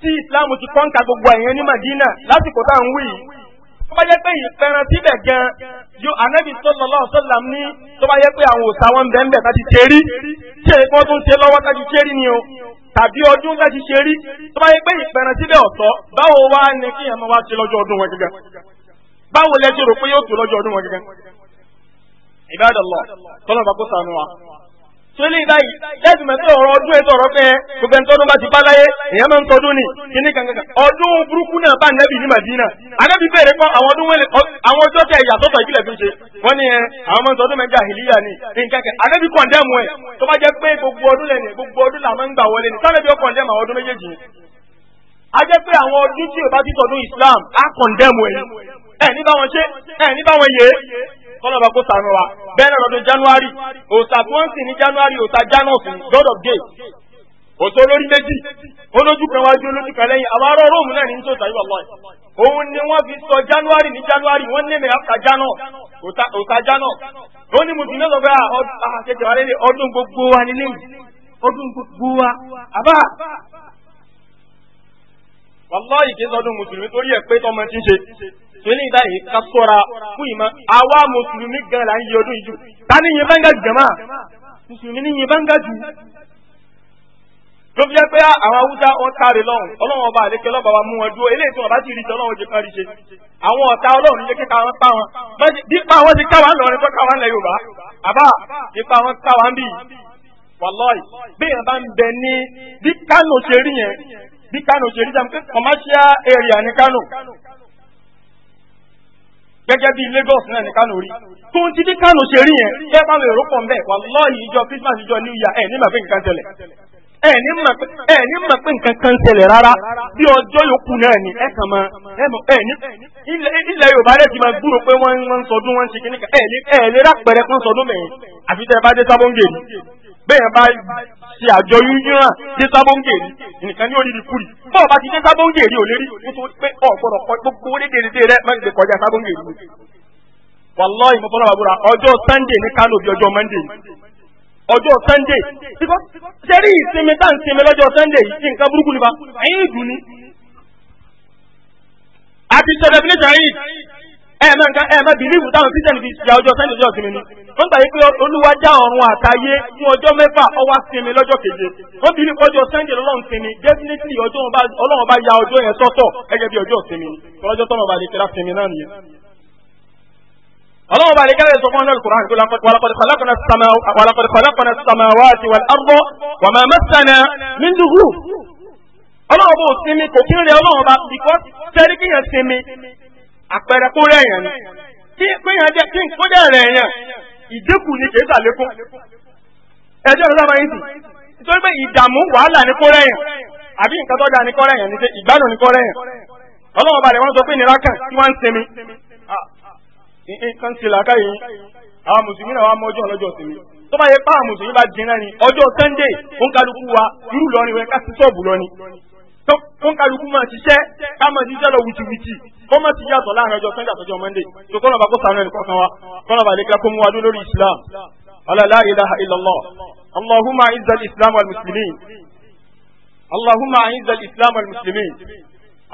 tí islam ti kọ́ńkà gbogbo ẹ̀yẹn ní madina lásìkò tá à ń wí yìí tó bá jẹ́ pé ìpẹran síbẹ̀ gan yóò anabi sallallahu sallam ní tó bá jẹ́ pé àwọn òòṣà wọn bẹ́ẹ̀ tá ti ṣe rí tí èyí kan tó ṣe lọ́wọ́ tá ti ṣe rí ni o tàbí ọdún tá ti ṣe rí tó bá jẹ́ pé ìpẹran síbẹ̀ ọ̀tọ̀ báwo wá ni kí ẹ̀mọ́ wá ṣe lọ́jọ́ ọdún wọn gẹ́gẹ́ báwo lẹ rò pé yóò tó lọ́jọ́ ọdún wọn gẹ́gẹ́ Ibadallah tọ́lọ́ bá kó sànú wa tó lè báyìí lẹ́sìn mọ̀ pé ọ̀rọ̀ ọdún ètò ọ̀rọ̀ pé gbogbo ẹni tọdún bá ti bá láyé èèyàn máa ń tọdún ni kíní kankan ọdún burúkú náà bá nẹ́bì ní Madina anábì bẹ̀rẹ̀ pọ̀ àwọn ọdún wẹ̀lẹ̀ àwọn ọjọ́ tẹ ìyàsọ́tọ̀ ìbílẹ̀ fi ń ṣe wọ́n ní àwọn ọmọ tọdún mẹ́jọ àhìlíyà ni nǹkan kan anábì kọ̀ndẹ́mù ẹ̀ tó bá jẹ́ pé gbogbo ọdún lẹ́nu gbogbo ọdún làwọn ń gbà wọlé ni sábẹ́bí ó kọ̀ndẹ́mù àwọn ọdún méjèèjì a jẹ́ pé àwọn ọdún tí ò bá ti tọdún Islam á kọ̀ndẹ́mù ẹ̀ ẹ̀ ní bá wọn ṣe ẹ̀ ní bá wọn yé kọ́lọ́ba kó sànù wa bẹ́ẹ̀ náà january òòsà tí wọ́n ń sìn ní january òòsà janus god of gay òtò olórí méjì olójú kan wájú olójú kan lẹ́yìn àwọn ará róòmù náà ní ní tòòsà yìí wàlọ́ọ̀ òun ni wọ́n fi sọ january ní january wọ́n ní mẹ́ after janus òòsà janus ó ní mùsùlùmí náà lọ́gbà àṣẹjọ alẹ́ ọdún gbogbo wa nílé ọdún gbogbo wa àbá wàláyì kí sọdún mùsùlùmí torí ẹ̀ pé tọmọ ti ń ṣe tòní ìgbà yìí ká sọ́ra fún ìmọ̀ àwa mùsùlùmí gan la ń yí ọdún ìjù ta ní yín bẹ́ńgà jẹ̀má mùsùlùmí ní yín bẹ́ńgà jù. ló fi jẹ́ pé àwọn haúsá wọn káre lọ́hùn ọlọ́run ọba àlékè lọ́ba wa mú wọn dúró eléyìí tí wọn bá ti rí ṣe ọlọ́run jẹ́ kan rí ṣe àwọn ọ̀tá ọlọ́run jẹ́ kíkà wọn pa wọn dípa wọn ti ká wọn lọrin tó ká wọn lẹ yorùbá àbá dípa wọn ká wọn bíi wàláyì bẹ́ẹ̀ bá ń bẹ ní bí kánò ṣe rí yẹn bí Kano ṣe rí jàm pé commercial area ní Kano gẹ́gẹ́ bí Lagos náà ní Kano rí tó ń Kano ṣe rí yẹn kẹ́ bá wọn èrò pọ̀ mbẹ́ wàláhì ìjọ Christmas ìjọ New Year ẹ̀ ní màá fi nǹkan tẹ̀lẹ̀ ẹ̀ ní mọ̀ pé nǹkan kan tẹ̀lẹ̀ rárá bí ọjọ́ yòókù náà ni ẹ̀ kàn máa ẹ̀ ní ilẹ̀ Yorùbá rẹ̀ ti máa gbúrò pé wọ́n ń sọdún wọ́n ń ṣe kíníkà ẹ̀ lè rápẹ̀rẹ̀ kan sọdún mẹ́yìn àfi tẹ́ ẹ bá dé sábọ́ǹgì bẹ́ẹ̀ bá ṣe àjọ yúnyàn dé sábóńgèrè nìkan ní orí ìkúrì bọ́ọ̀ bá ti dé sábóńgèrè ò lérí nítorí pé ọ̀gbọ́dọ̀ gbogbo onídèrèdè rẹ máa ń gbé kọjá sábóńgèrè mi. wàláhì mo fọlọ́wà ọjọ́ sunday ní kánò bí ọjọ́ monday ọjọ́ sunday sẹ́rí ìsinmi tá à ń sinmi lọ́jọ́ sunday yìí kí nǹkan burúkú ni ba ẹ̀yìn ìdùnnú. àti sọ ẹ̀ẹ̀mẹ́ nǹkan ẹ̀ẹ̀mẹ́ bìlíìfù táwọn kristian fi ṣe ọjọ́ sẹ́ni ọjọ́ ìsinmi ni wọ́n gbà yí pé olúwa já ọ̀run àtayé fún ọjọ́ mẹ́fà ọwá sinmi lọ́jọ́ keje wọ́n bìlí ọjọ́ sẹ́ni ọlọ́run sinmi definitely ọjọ́ ọlọ́run bá ya ọjọ́ yẹn sọ́tọ̀ gẹ́gẹ́ bí ọjọ́ sinmi ọlọ́jọ́ tọ́nà bá lè kíra sinmi náà nìyẹn. اللهم بعد كده سبحان القرآن يقول ولقد خلقنا السماء ولقد خلقنا السماوات والأرض وما مسنا من لغوب اللهم بو سمي كثير يا اللهم بعد سمي àpẹẹrẹ kó rẹ̀ yẹn ni tí péyàn jẹ́ kí kó dẹ̀ rẹ̀ yẹn ìdínkù ni kì í sàlékún ẹjọ́ ìrọ̀lá máa ń sìn nítorí pé ìdààmú wàhálà ní kó àbí nǹkan tó dáa ní kó rẹ̀ yẹn ṣe kan tí wọ́n ń sinmi nǹkan ti yìí àwọn mùsùlùmí náà wà ọlọ́jọ́ sinmi tó bá yẹ pé wa irú tó ń kálukú máa ṣiṣẹ́ ká máa ṣiṣẹ́ lọ wìtìwìtì kó má ti yàtọ̀ láàrin ọjọ́ sunday àtọjọ́ monday tó kọ́nà bá kó sànú ẹnì kọ̀ọ̀kan wa kọ́nà bá lè kí a kó mú wa dún lórí islam ala ilaha illallah allahumma izza islam wal muslimin allahumma izza islam wal muslimin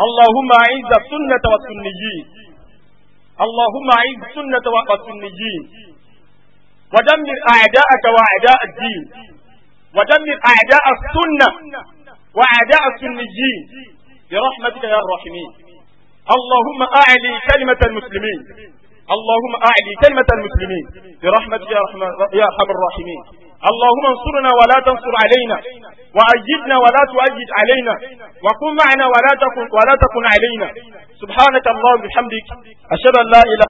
allahumma izza sunnata wa sunniyin allahumma izza sunnata wa sunniyin ودمر أعداءك وأعداء الدين ودمر أعداء السنة وأعداء السنيين برحمتك يا الراحمين اللهم أعلي كلمة المسلمين اللهم أعلي كلمة المسلمين برحمتك يا أرحم الراحمين اللهم انصرنا ولا تنصر علينا وأجدنا ولا تؤجد علينا وكن معنا ولا تكن ولا تكن علينا سبحانك اللهم بحمدك أشهد أن لا إله